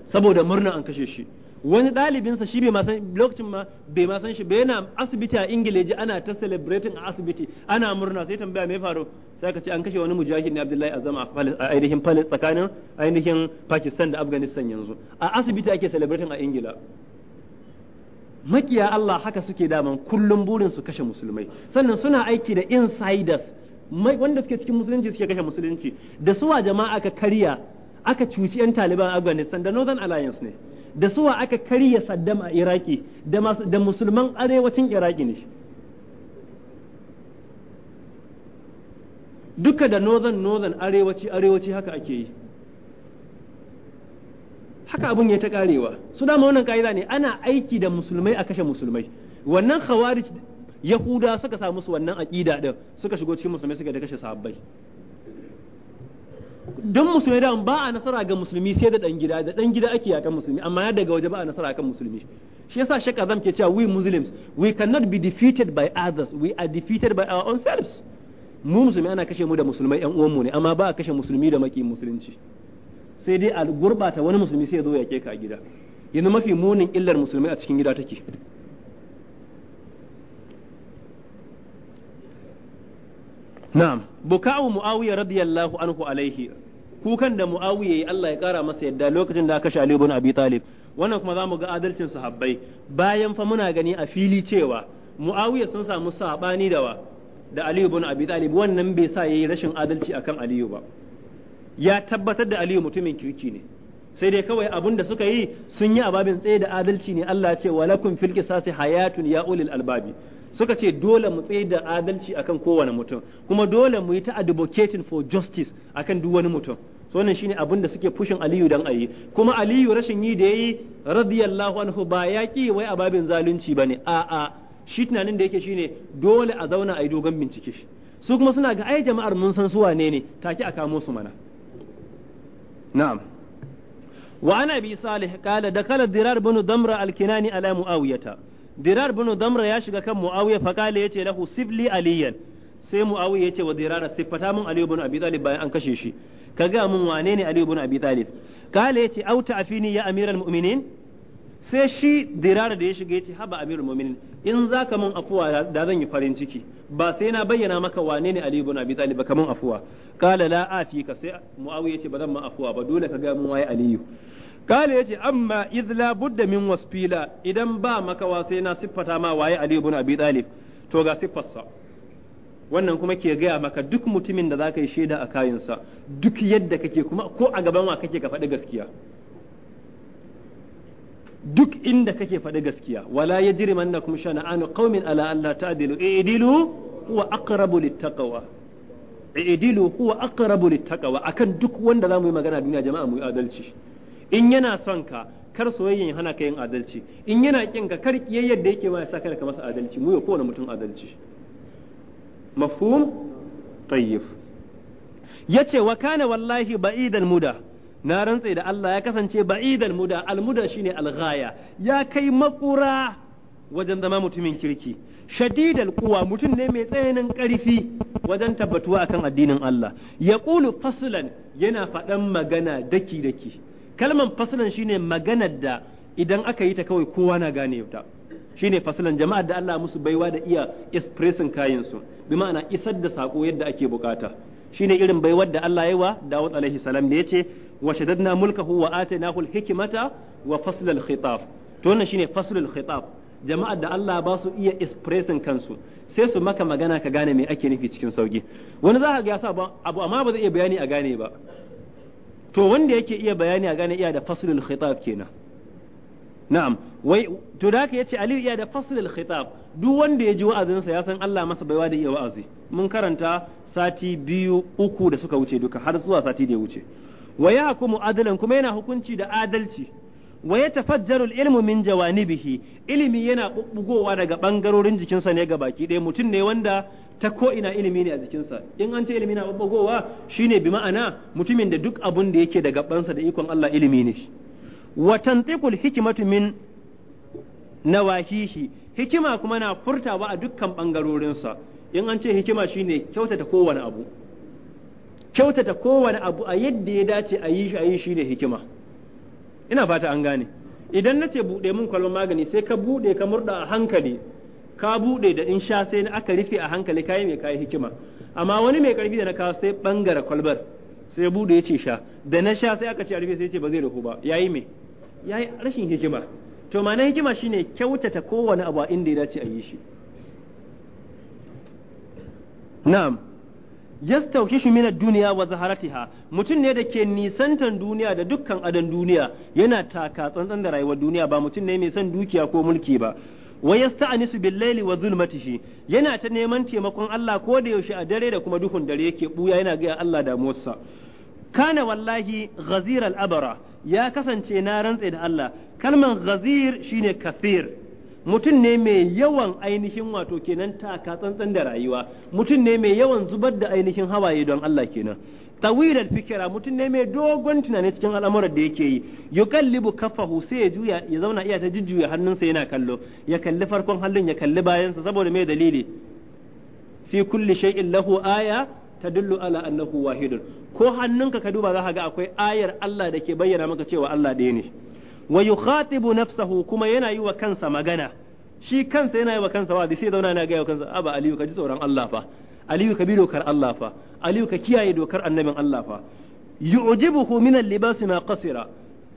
saboda murna an kashe shi wani ɗalibinsa shi bai san lokacin ma bai ma shi bai yana asibiti a Ingilishi ana ta celebrating a asibiti ana murna sai tambaya me faru sai ka ce an kashe wani mujahid ne Abdullahi Azam a ainihin Palace tsakanin ainihin Pakistan da Afghanistan yanzu a asibiti ake celebrating a Ingila makiya Allah haka suke daman kullum burin su kashe musulmai sannan suna aiki da insiders wanda suke cikin musulunci suke kashe musulunci da suwa jama'a ka karya aka cuci 'yan taliban afghanistan da northern alliance ne da suwa aka karya saddam a iraki da musulman arewacin iraki ne duka da northern northern arewaci arewaci haka ake yi haka abun ya ta karewa su dama wannan ka'ida ne ana aiki da musulmai a kashe musulmai wannan khawarij yahuda suka samu su wannan aƙida din suka shigo cikin musulmai suka da kashe sahabbai don musulmi da ba a nasara ga musulmi sai da dan gida da dan gida ake yakan musulmi amma ya daga waje ba a nasara kan musulmi shi yasa shaka zam ke cewa we Muslims we cannot be defeated by others we are defeated by our own selves mu musulmi ana kashe mu da musulmai yan mu ne amma ba a kashe musulmi da maki musulunci sai dai a gurbata wani musulmi sai ya zo yake ka gida yanzu mafi munin illar musulmai a cikin gida take na'am buka'u muawiya radiyallahu anhu alaihi kukan da muawiya Allah ya kara masa yadda lokacin da aka kashe ali ibn abi talib wannan kuma zamu ga adalcin sahabbai bayan fa muna gani a fili cewa muawiya sun samu sabani da wa da ali ibn abi talib wannan bai sa yayi rashin adalci akan aliyu ba ya tabbatar da aliyu mutumin kirki ne sai dai kawai abun da suka yi sun yi ababin tsaye da adalci ne Allah ce walakum fil qisasi hayatun ya ulil albabi suka ce dole mu tsaye da adalci akan kowane mutum kuma dole mu yi ta advocating for justice akan duk wani mutum so wannan shine abin da suke fushin Aliyu dan ayi kuma Aliyu rashin yi da yayi radiyallahu anhu ba yaki wai ababin zalunci bane a a shi tunanin da yake shine dole a zauna a yi dogon bincike su kuma suna ga ai jama'ar mun san su wane ne take a kamo su mana na'am wa ana bi salih qala dakala dirar bin damra al-kinani ala muawiyata dirar bin damra ya shiga kan muawiya fa kale yace lahu sibli aliyan sai muawiya yace wa dirar sifata mun ali ibn abi talib bayan an kashe shi kaga mun wane ne ali ibn abi talib kale yace auta afini ya amiral mu'minin sai shi dirar da ya shiga yace haba amirul mu'minin in zaka mun afuwa da zan yi farin ciki ba sai na bayyana maka wane ne ali ibn abi talib ka mun afuwa kala la afika sai muawiya yace ba zan ma afuwa ba dole ka ga mun waye aliyu kale yace amma idh la budda min wasfila idan ba maka sai na siffata ma waye ali ibn abi talib to ga siffarsa wannan kuma ke gaya maka duk mutumin da zaka yi shaida a kayinsa duk yadda kake kuma ko a gaban wa kake ka faɗi gaskiya duk inda kake faɗi gaskiya wala yajrimannakum shana'anu qaumin ala alla ta'dilu i'dilu huwa aqrabu littaqwa i'dilu huwa aqrabu littaqwa akan duk wanda zamu yi magana duniya jama'a mu yi adalci in yana son ka kar soyayyen hana ka yin adalci in yana kin ka kar kiyayyar yadda yake ma ya saka ka masa adalci mu ya kowane mutum adalci mafhum tayyib yace wa kana wallahi ba'idal muda na rantse da Allah ya kasance ba'idal muda almuda shine ghaya ya kai makura wajen zama mutumin kirki shadidal kuwa mutum ne mai tsananin karfi wajen tabbatuwa akan addinin Allah ya ƙulu fasulan yana faɗan magana daki daki kalman faslan shine maganar da idan aka yi ta kawai kowa na gane ta shine faslan jama'ar da Allah musu baiwa da iya expressing kayan su bi ma'ana isar da sako yadda ake bukata shine irin baiwar da Allah ya wa Dawud alaihi salam da yace wa shaddadna mulkahu wa atainahu al-hikmata wa fasl al-khitab to wannan shine fasl al-khitab jama'ar da Allah ba su iya expressing kansu sai su maka magana ka gane me ake nufi cikin sauki wani za ka ga ya sa ba abu amma ba zai iya bayani a gane ba to wanda yake iya bayani a gane iya da faslul khitab kenan na'am wai to da yace aliyu iya da faslul khitab duk wanda ya ji wa'azinsa ya san Allah masa baiwa da iya wa'azi mun karanta sati biyu uku da suka wuce duka har zuwa sati da ya wuce wa ya adlan kuma yana hukunci da adalci wa yatafajjaru tafajjaru ilmu min jawanibihi ilimi yana bubbugowa daga bangarorin jikinsa ne ga baki ɗaya mutum ne wanda ta ko ina ilimi ne a jikinsa in an ce ilimi na babbagowa shine bi ma'ana mutumin da duk abun da yake da gabansa da ikon Allah ilimi ne wa tantiqul hikmatu min nawahihi hikima kuma na furtawa a dukkan bangarorinsa in an ce hikima shine kyautata kowane abu kyautata kowane abu a yadda ya dace a yi shi shi ne hikima ina fata an gane idan na ce buɗe mun kwalban magani sai ka buɗe ka murɗa a hankali ka buɗe da in sha sai aka rufe a hankali kayi mai kayi hikima amma wani mai karfi da na kawo sai bangare kwalbar sai buɗe ya ce sha da na sha sai aka ce a rufe sai ce ba zai rufu ba yayi me yayi rashin hikima to ma'ana hikima shine kyautata kowane abu a inda ya dace a yi shi na'am yastawkishu min ad-dunya wa zaharatiha mutum ne da ke nisantan duniya da dukkan adan duniya yana taka tsantsan da rayuwar duniya ba mutum ne mai son dukiya ko mulki ba wa yasta'nisu bil-laili wa zulmatihi yana ta neman taimakon Allah ko da yaushe a dare da kuma duhun dare yake buya yana ga Allah da Musa kana wallahi ghazir al-abara ya kasance na rantse da Allah kalman ghazir shine kathir mutum ne mai yawan ainihin wato kenan taka tsantsan da rayuwa mutum ne mai yawan zubar da ainihin hawaye don Allah kenan tawil al mutum ne mai dogon tunani cikin al'amuran da yake yi yuqallibu kafahu sai ya juya ya zauna iya ta jujjuya hannunsa yana kallo ya kalli farkon hallun ya kalli sa saboda mai dalili fi kulli shay'in lahu aya tadullu ala annahu wahidun ko hannunka ka duba zaka ga akwai ayar Allah da ke bayyana maka cewa Allah ɗaya ne wa yukhatibu nafsahu kuma yana yi wa kansa magana shi kansa yana yi wa kansa wa'azi sai zauna na ga kansa aba aliyu ka ji tsoron Allah fa aliyu ka bi dokar Allah fa aliyu ka kiyaye dokar annabin Allah fa yu'jibuhu min al-libas ma qasira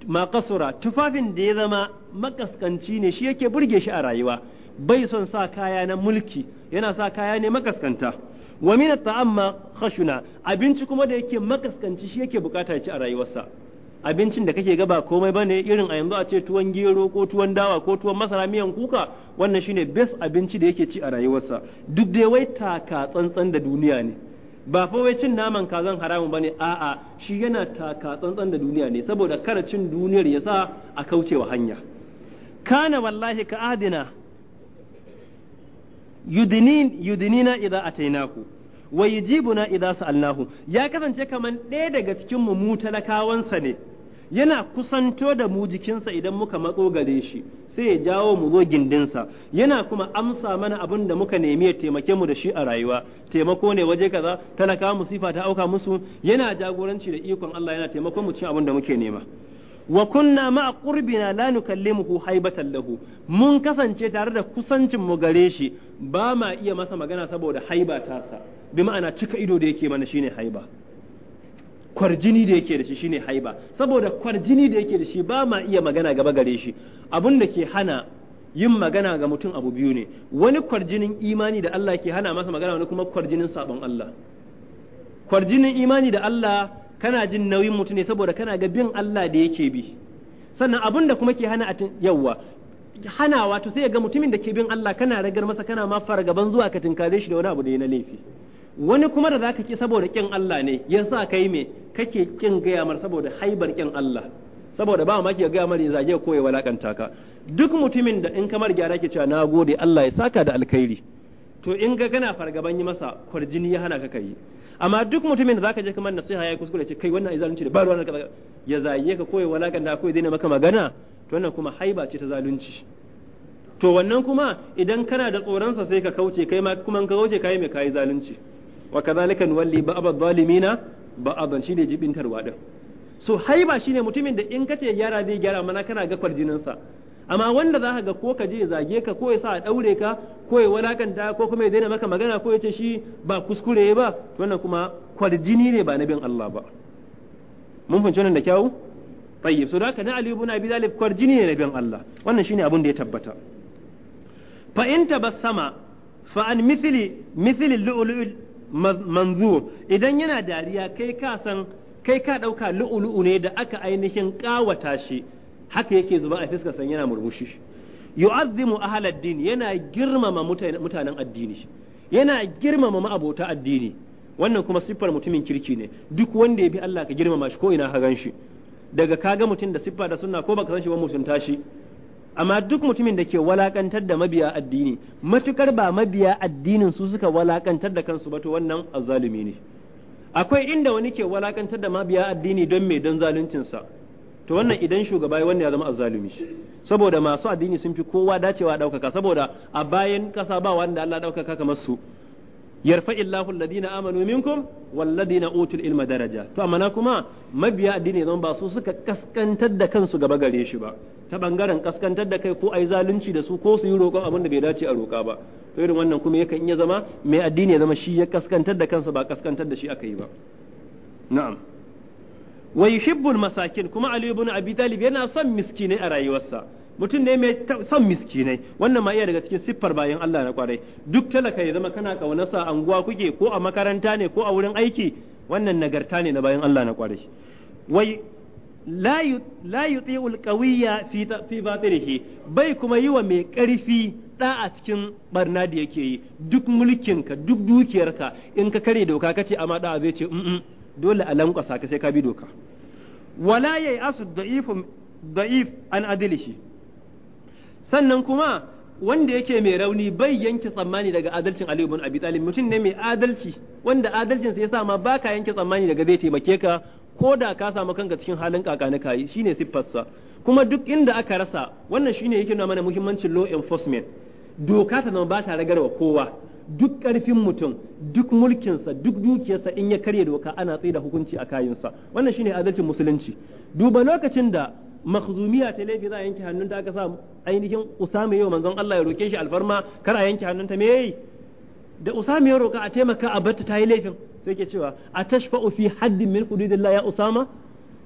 ma qasura tufafin da ya zama makaskanci ne shi yake burge shi a rayuwa bai son sa kaya na mulki yana sa kaya ne makaskanta wa min at-ta'amma khashuna abinci kuma da yake makaskanci shi yake bukata ya ci a rayuwarsa abincin da kake gaba komai bane irin a yanzu a ce tuwon gero ko tuwon dawa ko tuwon masara miyan kuka wannan shine best abinci da yake ci a rayuwarsa duk dai wai taka tsantsan da duniya ne ba fa wai cin naman kazan haramun bane a'a shi yana taka tsantsan da duniya ne saboda kada cin duniyar ya sa a kaucewa hanya kana wallahi ka adina yudinin yudinina idza atainaku wa yujibuna idza sa'alnahu ya kasance kaman ɗaya daga cikin mu mutalakawansa ne yana kusanto da mu jikinsa idan muka matso gare shi sai ya jawo mu zo gindinsa yana kuma amsa mana abin da muka nemi ya taimake mu da shi a rayuwa taimako ne waje kaza talaka musifa ta auka musu yana jagoranci da ikon Allah yana taimakon mu cikin abin da muke nema wa kunna ma qurbina la nukallimuhu haibatan lahu mun kasance tare da kusancin mu gare shi ba ma iya masa magana saboda haiba sa bi ma'ana cika ido da yake mana shine haiba kwarjini da yake da shi shine haiba saboda kwarjini da yake da shi ba ma iya magana gaba gare shi abun da ke hana yin magana ga mutum abu biyu ne wani kwarjinin imani da Allah ke hana masa magana wani kuma kwarjinin sabon Allah kwarjinin imani da Allah kana jin nauyin mutum ne saboda kana ga bin Allah da yake bi sannan abun da kuma ke hana a yawwa hanawa to sai ga mutumin da ke bin Allah kana ragar masa kana ma fara gaban zuwa ka tinkare shi da wani abu da na laifi wani kuma da zaka ki saboda kin Allah ne yasa kai me kake kin gaya mar saboda haibar kin Allah saboda ba maki ya gaya mar ya zage ko ya walakanta ka duk mutumin da in kamar gyara ke cewa nagode Allah ya saka da alkhairi to in ga kana fargaban yi masa kwarjini ya hana ka kai amma duk mutumin da zaka je kamar nasiha ya kuskure ce kai wannan izalunci da ba ruwan ka ya zage ka ko ya walakanta ko ya maka magana to wannan kuma haiba ce ta zalunci to wannan kuma idan kana da tsoronsa sai ka kauce kai ma kuma ka kauce kai mai kai zalunci wa kadhalika nuwalli ba'd ba dhalimina ba'dan shine jibintarwa din so haiba shine mutumin da in kace gyara zai gyara mana kana ga kwarjinin sa amma wanda za ka ga ko ka je zage ka ko ya sa a daure ka ko ya walakanta ko kuma ya daina maka magana ko ya ce shi ba kuskure ba wannan kuma kwarjini ne ba na bin Allah ba mun fahimci wannan da kyau tayyib so da na Ali ibn Abi Talib kwarjini ne na bin Allah wannan shine abin da ya tabbata fa in tabassama fa an mithli mithli lu'lu'il manzur idan yana dariya kai ka san kai ka ɗauka lu'ulu'u ne da aka ainihin ƙawata shi haka yake zuba a fiska san yana murmushi yu'azzimu ahlad din yana girmama mutanen addini yana girmama ma'abota addini wannan kuma siffar mutumin kirki ne duk wanda ya bi Allah ka girmama shi ko ina ka gan shi daga kaga mutum da siffa da sunna ko baka san shi ba mutunta shi amma duk mutumin da ke walakantar da mabiya addini matukar ba mabiya addinin su suka walakantar da kansu ba to wannan azalumi ne akwai inda wani ke walakantar da mabiya addini don mai don zaluncinsa to wannan idan shugaba ya wannan ya zama azzalumi saboda masu addini sun fi kowa dacewa daukaka saboda a bayan kasa ba wanda Allah daukaka kamar su yarfa illahu alladhina amanu minkum walladhina utul ilma daraja to amma kuma mabiya addini zan ba su suka kaskantar da kansu gaba gare shi ba ta bangaren kaskantar da kai ko yi zalunci da su ko su yi roƙon abin da bai dace a roƙa ba to irin wannan kuma yakan iya zama mai addini ya zama shi ya kaskantar da kansa ba kaskantar da shi aka yi ba na'am wa yuhibbul masakin kuma ali ibn abi talib yana son miskinai a rayuwarsa mutum ne mai son miskinai wannan ma iya daga cikin siffar bayan Allah na kwarai duk talaka ya zama kana kaunarsa a anguwa kuke ko a makaranta ne ko a wurin aiki wannan nagarta ne na bayan Allah na kwarai wai la yuti'ul qawiyya fi fi batinihi bai kuma yi wa mai ƙarfi da a cikin barna da yake yi duk mulkinka duk dukiyarka in ka kare doka ka ce amma da zai ce mm dole a lankwasa ka sai ka bi doka wala yayi asu da'ifun da'if an adalci sannan kuma wanda yake mai rauni bai yanke tsammani daga adalcin Ali ibn Abi Talib mutum ne mai adalci wanda adalcin sa yasa ma baka yanke tsammani daga zai taimake ka ko da ka samu kanka cikin halin kakani kayi shine siffarsa kuma duk inda aka rasa wannan shine yake nuna mana muhimmancin law enforcement doka ta zama ba ta ragarwa kowa duk karfin mutum duk mulkinsa duk dukiyarsa in ya karya doka ana tsaye da hukunci a kayinsa wannan shine adalcin musulunci duba lokacin da makhzumiya ta laifi za a yanke hannunta aka sa ainihin usama yau manzon Allah ya roke shi alfarma kar a yanke hannunta me yayi da Usama ya roƙa a taimaka a barta ta yi laifin sai ke cewa a tashfa fi haddin min hududillah ya Usama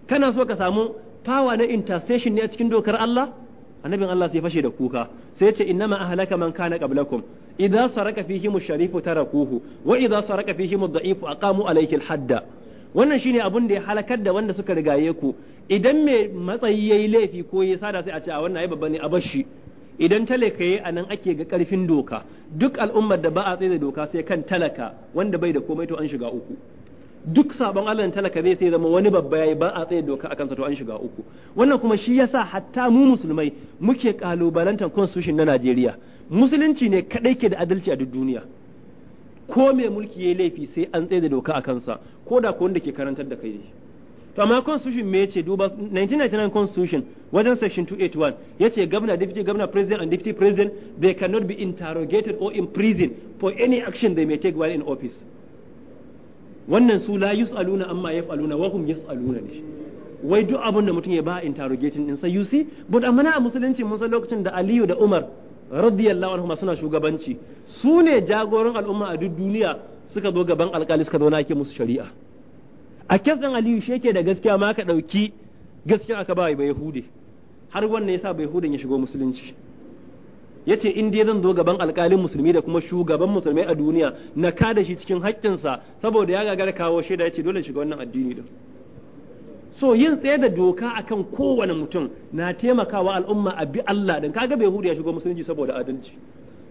kana so ka samu fawa na intercession ne a cikin dokar Allah annabin Allah sai fashe da kuka sai ce innama ahlaka man kana qablakum idza saraka fihi ash-sharifu tarakuhu wa idza saraka fihi ad-da'ifu aqamu alayhi al wannan shine abun da ya halakar da wanda suka rigaye ku idan mai matsayi yayi laifi ko ya sada sai a ce a wannan ai babba ne a bar shi idan talaka a nan ake ga karfin doka duk al'ummar da ba a tsaye da doka sai kan talaka wanda bai da komai to an shiga uku duk sabon Allah talaka zai sai zama wani babba yayi ba a tsaye doka akan sa to an shiga uku wannan kuma shi yasa hatta mu musulmai muke kalubalantar constitution na Najeriya musulunci ne kadai ke da adalci a duk duniya ko mai mulki yayi laifi sai an tsaye da doka akan sa ko da ko wanda ke karantar da kai ne to amma constitution me yace duba 1999 constitution wajen section 281 yace governor deputy governor president and deputy president they cannot be interrogated or imprisoned for any action they may take while in office wannan su la yus'aluna amma yaf'aluna wa hum yus'aluna ne wai duk abin da mutum ya ba interrogating din sai you see but amma na a musulunci mun san lokacin da Aliyu da Umar radiyallahu anhu suna shugabanci su ne jagoran al'umma a duk duniya suka zo gaban alkali suka zo na ake musu shari'a a kes aliyu shi yake da gaskiya ma ka ɗauki gaskiya aka ba ba yahudi har wannan yasa bai hudun ya shigo musulunci ya ce in dai zan zo gaban alƙalin musulmi da kuma shugaban musulmai a duniya na da shi cikin haƙƙinsa saboda ya gagara kawo shaida ya ce dole shiga wannan addini din so yin tsaye da doka akan kowane mutum na taimakawa al'umma a bi Allah din kaga bai hudu ya shigo musulunci saboda adalci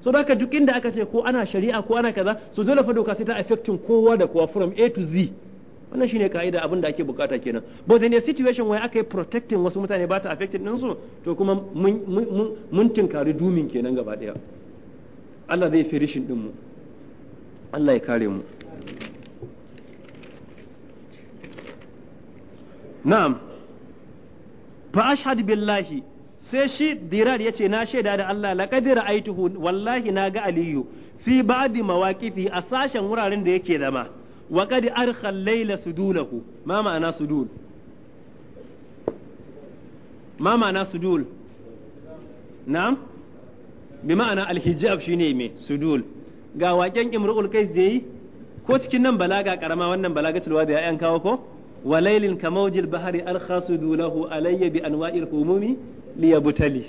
so da duk inda aka ce ko ana shari'a ko ana kaza so dole fa doka sai ta affecting kowa da kowa from A to Z wannan shine ka'ida abin da ake bukata kenan but in a situation where aka yi protecting wasu mutane ba ta affecting din su to kuma mun tinkari dumin kenan gaba daya Allah zai fi rishin din mu Allah ya kare mu na'am fa ashhadu billahi sai shi dirar ya ce na shaida da Allah laqad ra'aituhu wallahi na ga aliyu fi ba'di mawaqifi a sashen wuraren da yake zama وقد qad الليل سدوله ما معنى ma ma'ana sudul سدول ma'ana بمعنى الحجاب bi ma'ana ga waken imrul qais da yi ko cikin nan balaga karama wannan balagatul da ya kawo ko wa laylin kamawjil bahri al-khasudu lahu alayya bi anwa'il humumi liyabtali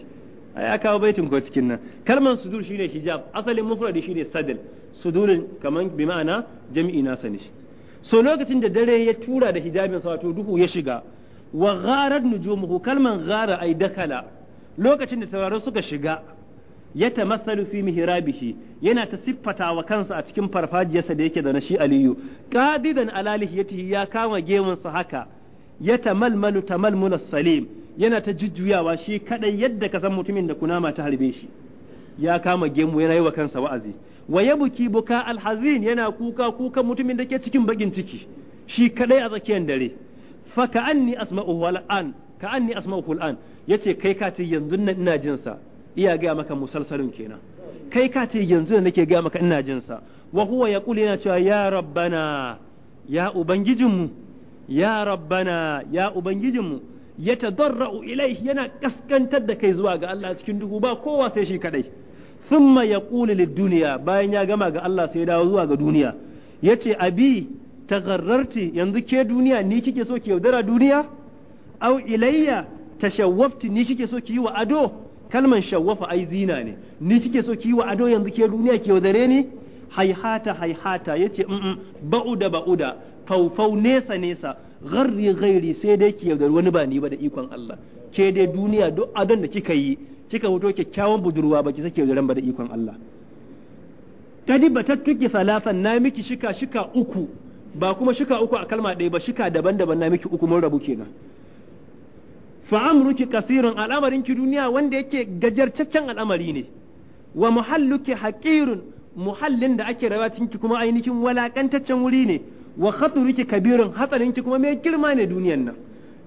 ai aka kawo baitin ko cikin nan kalman sudur shine hijab asalin mufradi shine sadl sudurin kaman bi ma'ana jami'i nasa ne so lokacin da dare ya tura da hijabin sa wato duhu ya shiga wa gharat nujumuhu kalman ghara ay dakala lokacin da sauraron suka shiga ya tamassalu fi mihrabihi yana ta siffata wa kansa a cikin farfajiyarsa da yake da na shi aliyu qadidan ala lihiyatihi ya kama gemunsa haka ya tamalmalu tamalmul salim yana ta jujjuyawa shi kadai yadda ka san mutumin da kunama ta harbe shi ya kama gemu yana yi wa kansa wa'azi wa yabki buka alhazin yana kuka kuka mutumin da ke cikin bakin ciki shi kadai a tsakiyar dare fa ka'anni asma'uhu al'an ka'anni asma'uhu al'an yace kai ka ce yanzu nan ina jin sa iya ga maka musalsalin kenan kai ka ce yanzu nake ga maka ina jin sa wa huwa yaqulu yana cewa ya rabbana ya ubangijinmu ya rabbana ya ubangijinmu ya tadarra'u ilaihi yana kaskantar da kai zuwa ga Allah cikin duhu ba kowa sai shi kadai thumma yaqulu lid-dunya bayan ya gama ga Allah sai ya dawo zuwa ga duniya yace abi tagarrarti yanzu ke duniya ni kike so ki yaudara duniya au ilayya tashawwafti ni kike so ki yi wa ado kalman shawwafa ai zina ne ni kike so ki yi wa ado yanzu ke duniya ki yaudare ni haihata haihata yace mm ba'uda ba'uda faufau nesa nesa gharri ghairi sai dai ki yaudari wani ba ni ba da ikon Allah ke dai duniya duk adon da kika yi kika wuto kyakkyawan budurwa baki sake garan ba da ikon Allah kadi tuki salafan na miki shika shika uku ba kuma shika uku a kalma ɗaya ba shika daban-daban na miki uku mun rabu kenan fa amruki kasirun al'amarin ki duniya wanda yake gajarcaccen al'amari ne wa muhalluki haqirun muhallin da ake rawatin ki kuma ainihin walakantaccen wuri ne wa khaturuki kabirun hatsarin ki kuma mai girma ne duniyan nan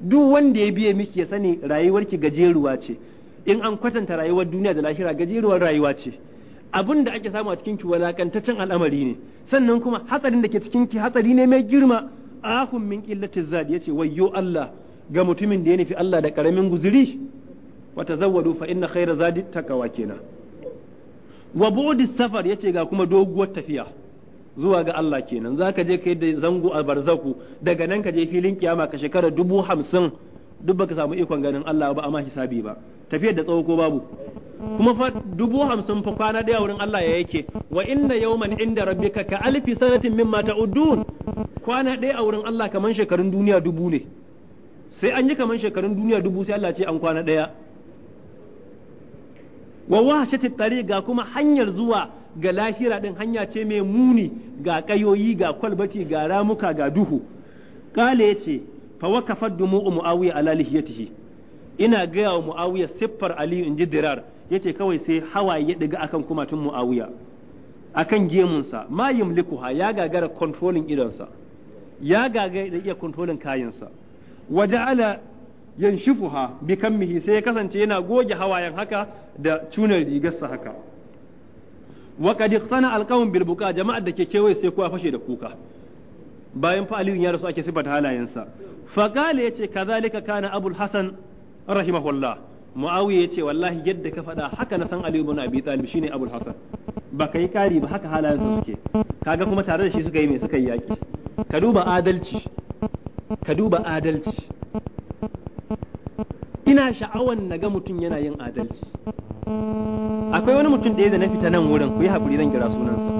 duk wanda ya biye miki ya sani rayuwarki gajeruwa ce in an kwatanta rayuwar duniya da lahira gajeruwar rayuwa ce abin da ake samu a cikin ki walakantaccen al'amari ne sannan kuma hatsarin da ke cikin ki hatsari ne mai girma ahun min qillati zadi yace wayyo Allah ga mutumin da ya nufi Allah da karamin guzuri wa tazawwadu fa inna khayra zadi taqwa kenan wa bu'di safar yace ga kuma doguwar tafiya zuwa ga Allah kenan zaka je kai da zango a barzaku daga nan ka je filin kiyama ka shekara dubu hamsin duk baka samu ikon ganin Allah ba amma hisabi ba tafiyar da tsawo ko babu kuma fa dubu hamsin fa kwana daya wurin Allah ya yake wa inna yawman inda rabbika ka alfi sanatin mimma ta'udun kwana daya a wurin Allah kaman shekarun duniya dubu ne sai an yi kaman shekarun duniya dubu sai Allah ce an kwana daya wa wahshati tariq ga kuma hanyar zuwa ga lahira din hanya ce mai muni ga kayoyi ga kwalbati ga ramuka ga duhu kale yace fa wakafad dumu'u muawiya ala lihiyatihi ina gaya wa muawiya siffar aliyu in ji dirar Ya ce kawai sai hawaye ya ɗiga akan kumatun muawiya akan gemunsa ma yimlikuha ya gagara kontrolin idonsa ya gagara da iya kontrolin kayansa Waje ala waja'ala yanshifuha bi kammihi sai ya kasance yana goge hawayen haka da cunar rigarsa haka wa qad sana alqawm bil jama'ar da ke kewaye sai kowa fashe da kuka bayan fa aliyu ya rasu ake sifata halayensa fa qala yace kazalika kana abul hasan rahimahullah muawiya ce wallahi yadda ka faɗa haka na san ali ibn abi talib shine abul hasan ba kai kari ba haka halayen su suke kaga kuma tare da shi suka yi me suka yi yaki ka duba adalci ka duba adalci ina sha'awan na ga mutum yana yin adalci akwai wani mutum ɗaya da na fita nan wurin ku yi haƙuri zan kira sunansa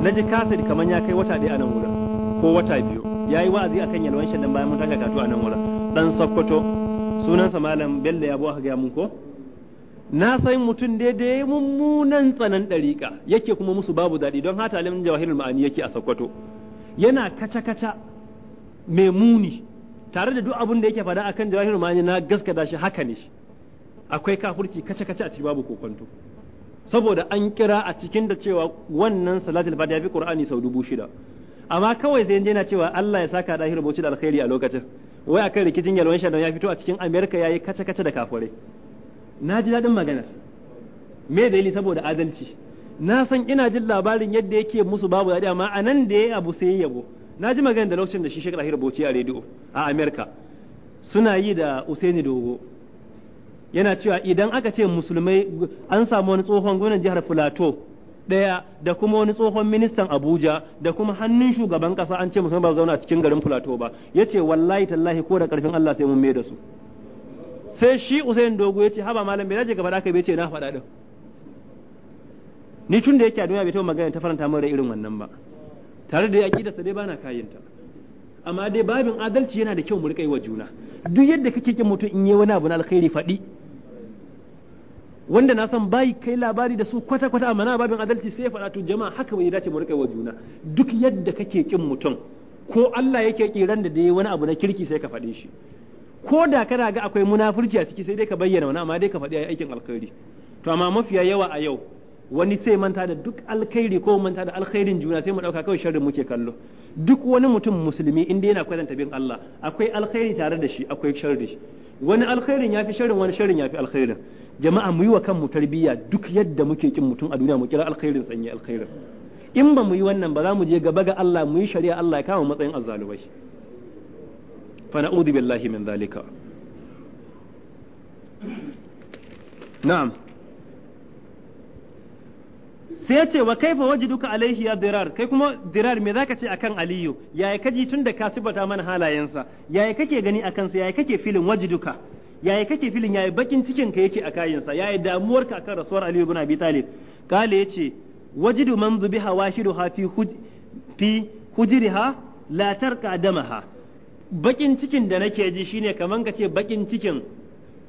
na ji kasir kamar ya kai wata ɗaya a nan wurin ko wata biyu ya yi wa'azi akan yalwan shan bayan mun taka katu a nan wurin ɗan sokoto sunansa malam bello yabo aka gaya mun ko na san mutum daidai mummunan tsanan ɗariƙa yake kuma musu babu daɗi don hata alimin jawahirul ma'ani yake a Sokoto. yana kaca-kaca mai muni tare da duk abin da yake faɗa akan jawahirul ma'ani na gaskata shi haka ne akwai kafurci kaca-kaca a cikin babu kokonto saboda an kira a cikin da cewa wannan salatul fatiha fi qur'ani sau dubu shida amma kawai sai yana cewa Allah ya saka dahiru bauchi da alkhairi a lokacin wai akan rikicin yalwan shanon ya fito a cikin amerika ya yi kaca kaca da kafurai na ji daɗin maganar me dalili saboda adalci na san ina jin labarin yadda yake musu babu daɗi amma a nan da ya abu sai ya yabo na ji magana da lokacin da shi shekara hira boci a rediyo a amerika suna yi da usaini dogo yana cewa idan aka ce musulmai an samu wani tsohon gwamnan jihar plateau ɗaya da kuma wani tsohon ministan Abuja da kuma hannun shugaban ƙasa an ce musamman ba zauna a cikin garin Filato ba ce wallahi tallahi ko da ƙarfin Allah sai mun mai da su sai shi Usain Dogo ya ce haba malam bai dace gaba da aka bai ce na faɗa ɗin ni tun da yake a duniya bai taɓa magana ta faranta min rai irin wannan ba tare da yaƙi da sa dai bana kayinta amma dai babin adalci yana da kyau mu riƙa yi wa juna duk yadda kake kin mutum in yi wani abu na alkhairi faɗi wanda na san bai kai labari da su kwata kwata amana babin adalci sai ya faɗa to jama'a haka bai dace mu rika wa juna duk yadda kake kin mutum ko Allah yake kiran da dai wani abu na kirki sai ka faɗe shi ko da kana ga akwai munafurci a ciki sai dai ka bayyana wani amma dai ka faɗi aikin alkhairi to amma mafiya yawa a yau wani sai manta da duk alkhairi ko manta da alkhairin juna sai mu dauka kawai sharrin muke kallo duk wani mutum musulmi in dai yana kwatanta bin Allah akwai alkhairi tare da shi akwai sharri wani alkhairin yafi sharrin wani sharrin yafi alkhairin jama'a mu yi wa kanmu tarbiyya duk yadda muke kin mutum a duniya mu kira alkhairin sanye alkhairin in ba mu yi wannan ba za mu je gaba ga Allah mu yi shari'a Allah ya kama matsayin azzalumai fa na'udhu billahi min zalika na'am sai ya wa kaifa wajiduka alaihi ya dirar kai kuma dirar me zaka ce akan aliyu yaya kaji tunda ka tubata mana halayensa yaya kake gani akan sa yaya kake filin wajiduka yaya kake filin yaya bakin cikin ka yake a kayansa yaya damuwar ka akan rasuwar Ali ibn Abi Talib kale yace wajidu man zubiha ha fi fi hujriha la tarqa damaha bakin cikin da nake ji shine kaman kace bakin cikin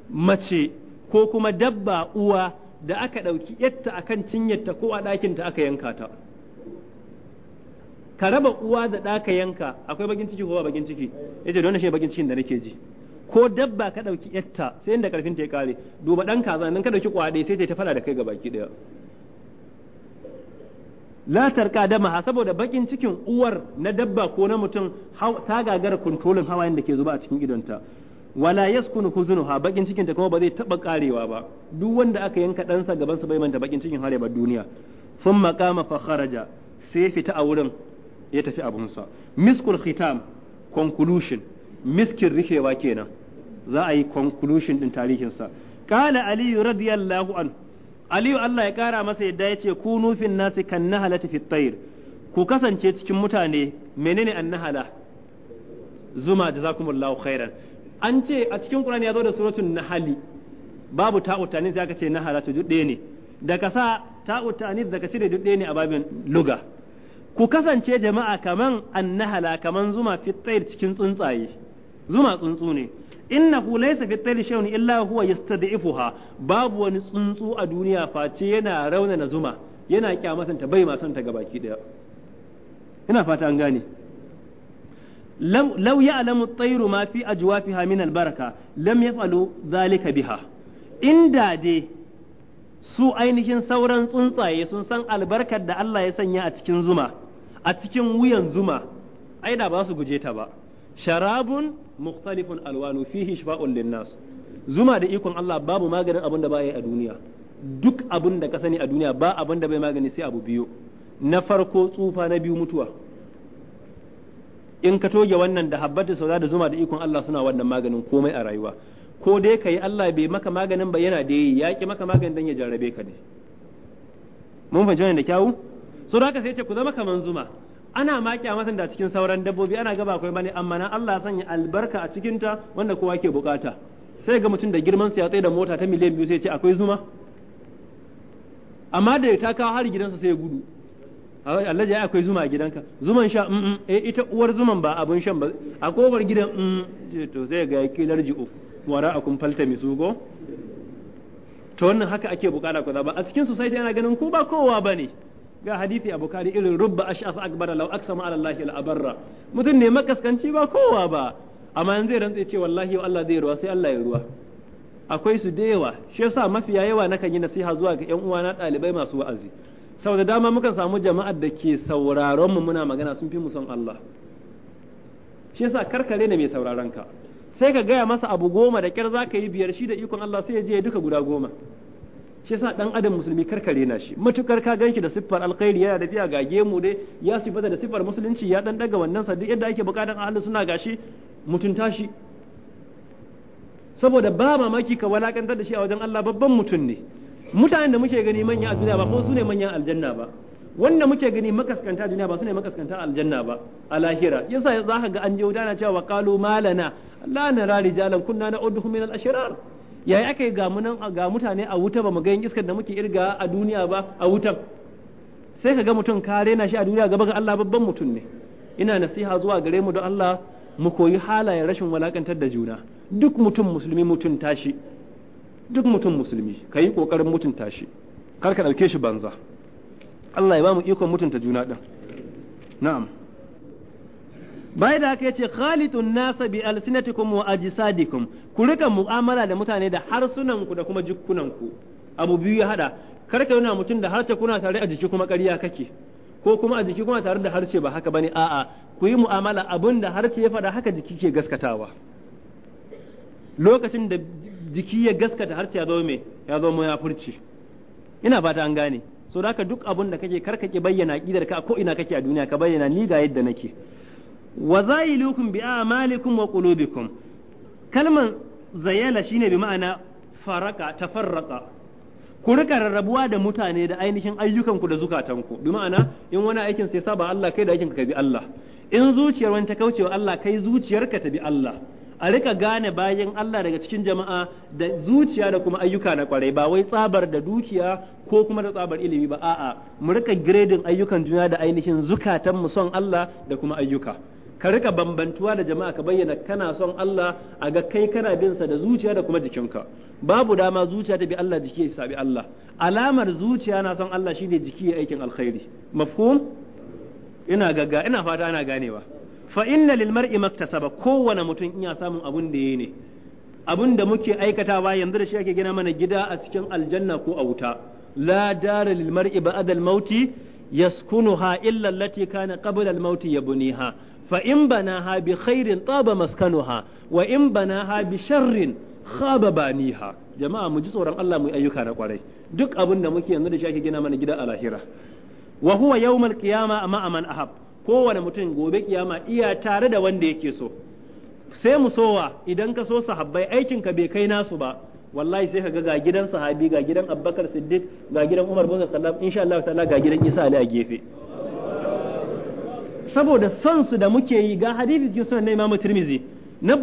mace ko kuma dabba uwa da aka ɗauki yatta akan cinyarta ko a ɗakinta aka yanka ta ka raba uwa da ɗaka yanka akwai bakin ciki ko ba bakin ciki yace don shi bakin cikin da nake ji ko dabba ka ɗauki yatta sai inda karfin ta ya kare duba ɗan kaza nan ka ɗauki kwaɗe sai ta fara da kai baki ɗaya la tarka da saboda bakin cikin uwar na dabba ko na mutum ta gagara kuntolin hawayen da ke zuba a cikin idonta wala yaskunu ha bakin cikin ta kuma ba zai taba karewa ba duk wanda aka yanka ɗansa gaban sa bai manta bakin cikin har ba duniya sun makama fa kharaja sai fita a wurin ya tafi abunsa miskul khitam conclusion miskin rikewa kenan za a yi conclusion din tarihinsa kala aliyu radiyallahu an aliyu Allah ya kara masa yadda ya ce kunu fin nasi kan nahalati fit tayr ku kasance cikin mutane menene annahala zuma jazakumullahu khairan an ce a cikin Qur'ani ya zo da suratul nahali babu ta'u tanis sai aka ce nahala to dudde ne daga sa ta'u tanis da cire dudde ne a babin luga ku kasance jama'a kaman annahala kaman zuma fit tayr cikin tsuntsaye zuma tsuntsu ne innahu laysa fi tayli shay'un illa huwa yastad'ifuha babu wani tsuntsu a duniya face yana rauna na zuma yana kyamatanta bai ma ga gabaki daya ina fata an gane at-tayru ma fi ajwafiha min al-baraka lam yaf'alu dhalika biha." inda de su ainihin sauran tsuntsaye sun san albarkar da Allah ya sanya a cikin zuma a cikin wuyan zuma ai da ba su guje ta ba sharabun mukhtalifun alwanu fihi shifa'un linnas zuma da ikon Allah babu maganin abin da ba yi a duniya duk abin da ka sani a duniya ba abin da bai magani sai abu biyu na farko tsufa na biyu mutuwa in ka toge wannan da habbatu sauda da zuma da ikon Allah suna wannan maganin komai a rayuwa ko dai ka yi Allah bai maka maganin ba yana da yi ya ki maka maganin dan ya jarrabe ka ne mun fahimci da kyawu sau da haka sai ce ku zama kamar zuma ana ma kyamatan da cikin sauran dabbobi ana gaba akwai bane amma na Allah ya sanya albarka a cikin ta wanda kowa ke bukata sai ga mutum da girman sa ya tsaye da mota ta miliyan biyu sai ce akwai zuma amma da ta kawo har gidansa sai ya gudu Allah ya akwai zuma a gidanka zuman sha mm eh ita uwar zuman ba abun shan ba a kofar gidan mm to sai ga yake larji'u wara akun falta misugo to wannan haka ake bukata ko ba a cikin society ana ganin ko ba kowa bane ga hadisi a bukari irin rubba ash'af akbar law aksama ala lahi al'abarra mutum ne makaskanci ba kowa ba amma yanzu zai rantsa ce wallahi Allah zai ruwa sai Allah ya ruwa akwai su da yawa shi yasa mafiya yawa nakan yi nasiha zuwa ga yan uwana ɗalibai masu wa'azi sau da dama mukan samu jama'ar da ke sauraron mu muna magana sun fi mu son Allah shi yasa karkare ne mai sauraron ka sai ka gaya masa abu goma da kyar zaka yi biyar shi da ikon Allah sai ya je duka guda goma shi yasa dan adam musulmi karkare na shi matukar ka ganki da siffar alkhairi yana tafiya ga gemu ne ya sifata da siffar musulunci ya dan daga wannan sa duk yadda ake bukatan ahlus suna gashi mutunta shi saboda ba mamaki ka walakantar da shi a wajen Allah babban mutum ne mutanen da muke gani manya a duniya ba ko su manyan aljanna ba wanda muke gani makaskanta duniya ba su ne makaskanta aljanna ba a lahira yasa za ka ga an je wuta na cewa qalu malana la nara rijalan kunna na'udduhum min al-ashrar yayi aka yi ga mutane a wuta ba mu ga iskar da muke irga a duniya ba a wuta sai ka ga mutum ka rena shi a duniya gaba ga Allah babban mutum ne ina nasiha zuwa gare mu don Allah mu koyi halayen rashin walakantar da juna duk mutum musulmi mutunta shi duk mutum musulmi ka yi kokarin mutunta shi kar ka ɗauke shi banza Allah ya ba mu ikon mutunta juna ɗin na'am bai da haka yace khalitun nasa bi alsinatikum wa ajsadikum ku rika mu'amala da mutane da harsunan ku da kuma jikkunan ku abu biyu ya hada kar ka yana mutum da harshe kuna tare a jiki kuma ƙarya kake ko kuma a jiki kuma tare da harshe ba haka bane a'a ku yi mu'amala abin da harshe ya faɗa haka jiki ke gaskatawa lokacin da jiki ya gaskata harshe ya zo me ya zo mu ya furci ina fata an gane so da haka duk abin da kake karka ki bayyana kidar ka ko ina kake a duniya ka bayyana ni ga yadda nake wa zayilukum bi amalikum wa qulubikum kalman zayala shine bi ma'ana faraka tafarraqa ku rika rarrabuwa da mutane da ainihin ayyukanku da zukatanku bi ma'ana in wani aikin sai saba Allah kai da aikinka ka bi Allah in zuciyar wani ta kaucewa Allah kai zuciyarka ta bi Allah a rika gane bayan Allah daga cikin jama'a da zuciya da kuma ayyuka na kwarai ba wai tsabar da dukiya ko kuma da tsabar ilimi ba a'a mu rika grading ayyukan juna da ainihin zukatan mu son Allah da kuma ayyuka ka rika bambantuwa da jama'a ka bayyana kana son Allah a ga kai kana bin sa da zuciya da kuma jikinka babu dama zuciya ta bi Allah jiki ya sabi Allah alamar zuciya na son Allah shine jiki ya aikin alkhairi mafhum ina gagga ina fata ana ganewa fa inna lil mar'i maktasaba kowane mutum ya samun abun da yayi ne abun da muke aikatawa yanzu da shi ake gina mana gida a cikin aljanna ko a wuta la dara lil mar'i ba'da al mauti yaskunuha illa allati kana qabla al mauti yabniha fa in ha bi khairin taba maskanuha wa in ha bi sharrin khaba baniha jama'a mu ji tsoron Allah mu ayyuka na kwarai duk abin da muke yanzu da shi ake gina mana gida a lahira wa huwa yawmal qiyama ma'a man ahab kowane mutum gobe kiyama iya tare da wanda yake so sai mu sowa idan ka so sahabbai aikin ka bai kai nasu ba wallahi sai ka ga ga gidan sahabi ga gidan Abubakar Siddiq ga gidan Umar bin Khattab insha Allah ta'ala ga gidan Isa Ali a gefe saboda son su da muke yi ga hadisi cikin sunan na Imam Tirmidhi na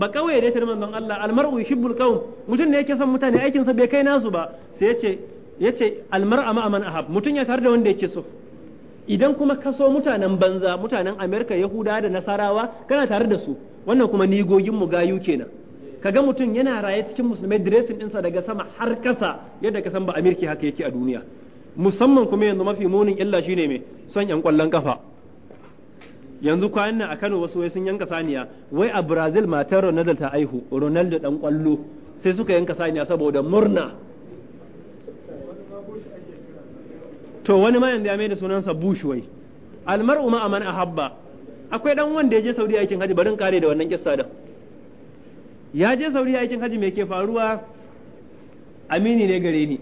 ba kawai da tarman don Allah almar'u yuhibbul qawm mutum ne yake son mutane aikin sa bai kai nasu ba sai yace yace almar'a ma man ahab mutum ya tare da wanda yake so idan kuma kaso so mutanen banza mutanen Amerika Yahuda da Nasarawa kana tare da su wannan kuma ni nigogin mu gayu kenan kaga mutum yana raye cikin musulmai dressing ɗinsa daga sama har kasa yadda ka san ba amirki haka yake a duniya musamman kuma yanzu mafi munin illa shine mai son yan kwallon kafa yanzu kwanan nan a Kano wasu wai sun yanka saniya wai a Brazil matar Ronaldo ta aihu Ronaldo dan kwallo sai suka yanka saniya saboda murna to wani ma yanzu ya mai da sunansa Bush wai almar'u ma aman ahabba akwai dan wanda ya je Saudi aikin haji barin kare da wannan kissa da ya je Saudi aikin haji me ke faruwa amini ne gare ni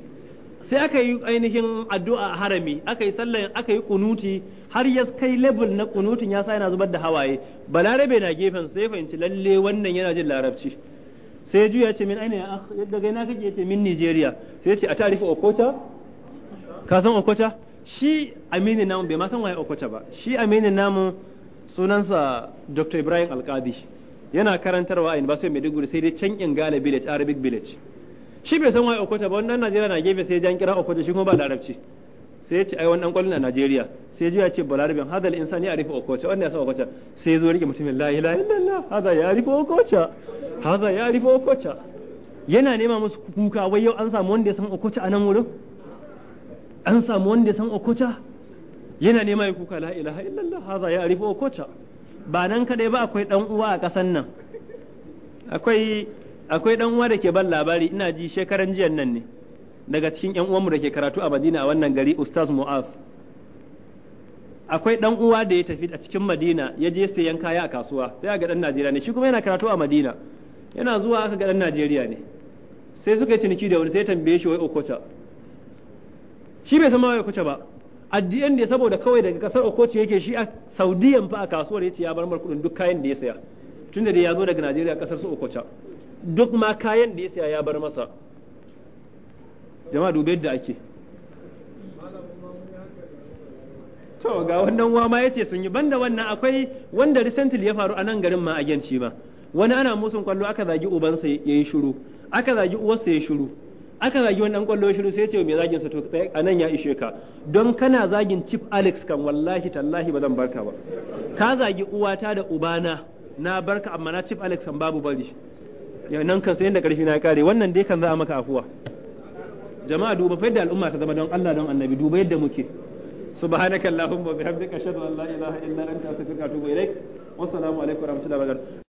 sai aka yi ainihin addu'a harami aka yi sallah aka yi kunuti har ya kai level na kunutun ya sa yana zubar da hawaye balarabe na gefen sai fahimci lalle wannan yana jin larabci sai juya ce min aina ya daga ina kake ce min Nigeria sai ce a tarifi Okocha ka san Okocha shi aminin namu bai ma san waye Okocha ba shi aminin namu sunansa Dr Ibrahim Alkadi yana karantarwa a University of Maiduguri sai dai can Ingala village Arabic village shi bai san waye Okocha ba wannan Najeriya na gefe sai jan kira Okocha shi kuma ba larabci sai ya ce ai wannan kwallon a Najeriya sai ya ce balarabin hadal insani ya rufe okocha wannan ya san okocha sai zo rike mutumin la ilaha illallah ya rufe okocha hada ya rufe okocha yana nema musu kuka wai yau an samu wanda ya san okocha a nan wurin an samu wanda ya san okocha yana nema ya kuka la ilaha illallah hada ya rufe okocha ba nan kadai ba akwai dan uwa a kasan nan akwai akwai dan uwa da ke ban labari ina ji shekaran jiyan nan ne daga cikin yan uwanmu da ke karatu a Madina a wannan gari Ustaz Mu'af akwai dan uwa da ya tafi a cikin Madina ya je sayan kaya a kasuwa sai ga dan Najeriya ne shi kuma yana karatu a Madina yana zuwa aka ga dan Najeriya ne sai suka yi ciniki da wani sai tambaye shi wai Okocha shi bai san ma wai Okocha ba addiyan da saboda kawai daga kasar Okocha yake shi a Saudiyan fa a kasuwar yace ya bar mar kudin duk kayan da ya saya tunda da ya zo daga Najeriya kasar su Okocha duk ma kayan da ya saya ya bar masa jama'a dubai da ake to ga wannan wa ma yace sun yi banda wannan akwai wanda recently ya faru a nan garin ma a yanci ma wani ana musun kwallo aka zagi ubansa yayi shiru aka zagi uwarsa yayi shiru aka zagi wani dan kwallo shiru sai ya ce me zagin sa to a nan ya ishe ka don kana zagin chief alex kan wallahi tallahi ba zan barka ba ka zagi uwata da ubana na barka amma na chief alex kan babu bari ya nan kan sai inda karfi na kare wannan dai kan za a maka afuwa jama'a duba fa yadda al'umma ta zama don Allah don annabi duba yadda muke subhanakallahumma bihamdika ashhadu an la ilaha illa anta astaghfiruka wa atubu ilaik wassalamu alaikum warahmatullahi wabarakatuh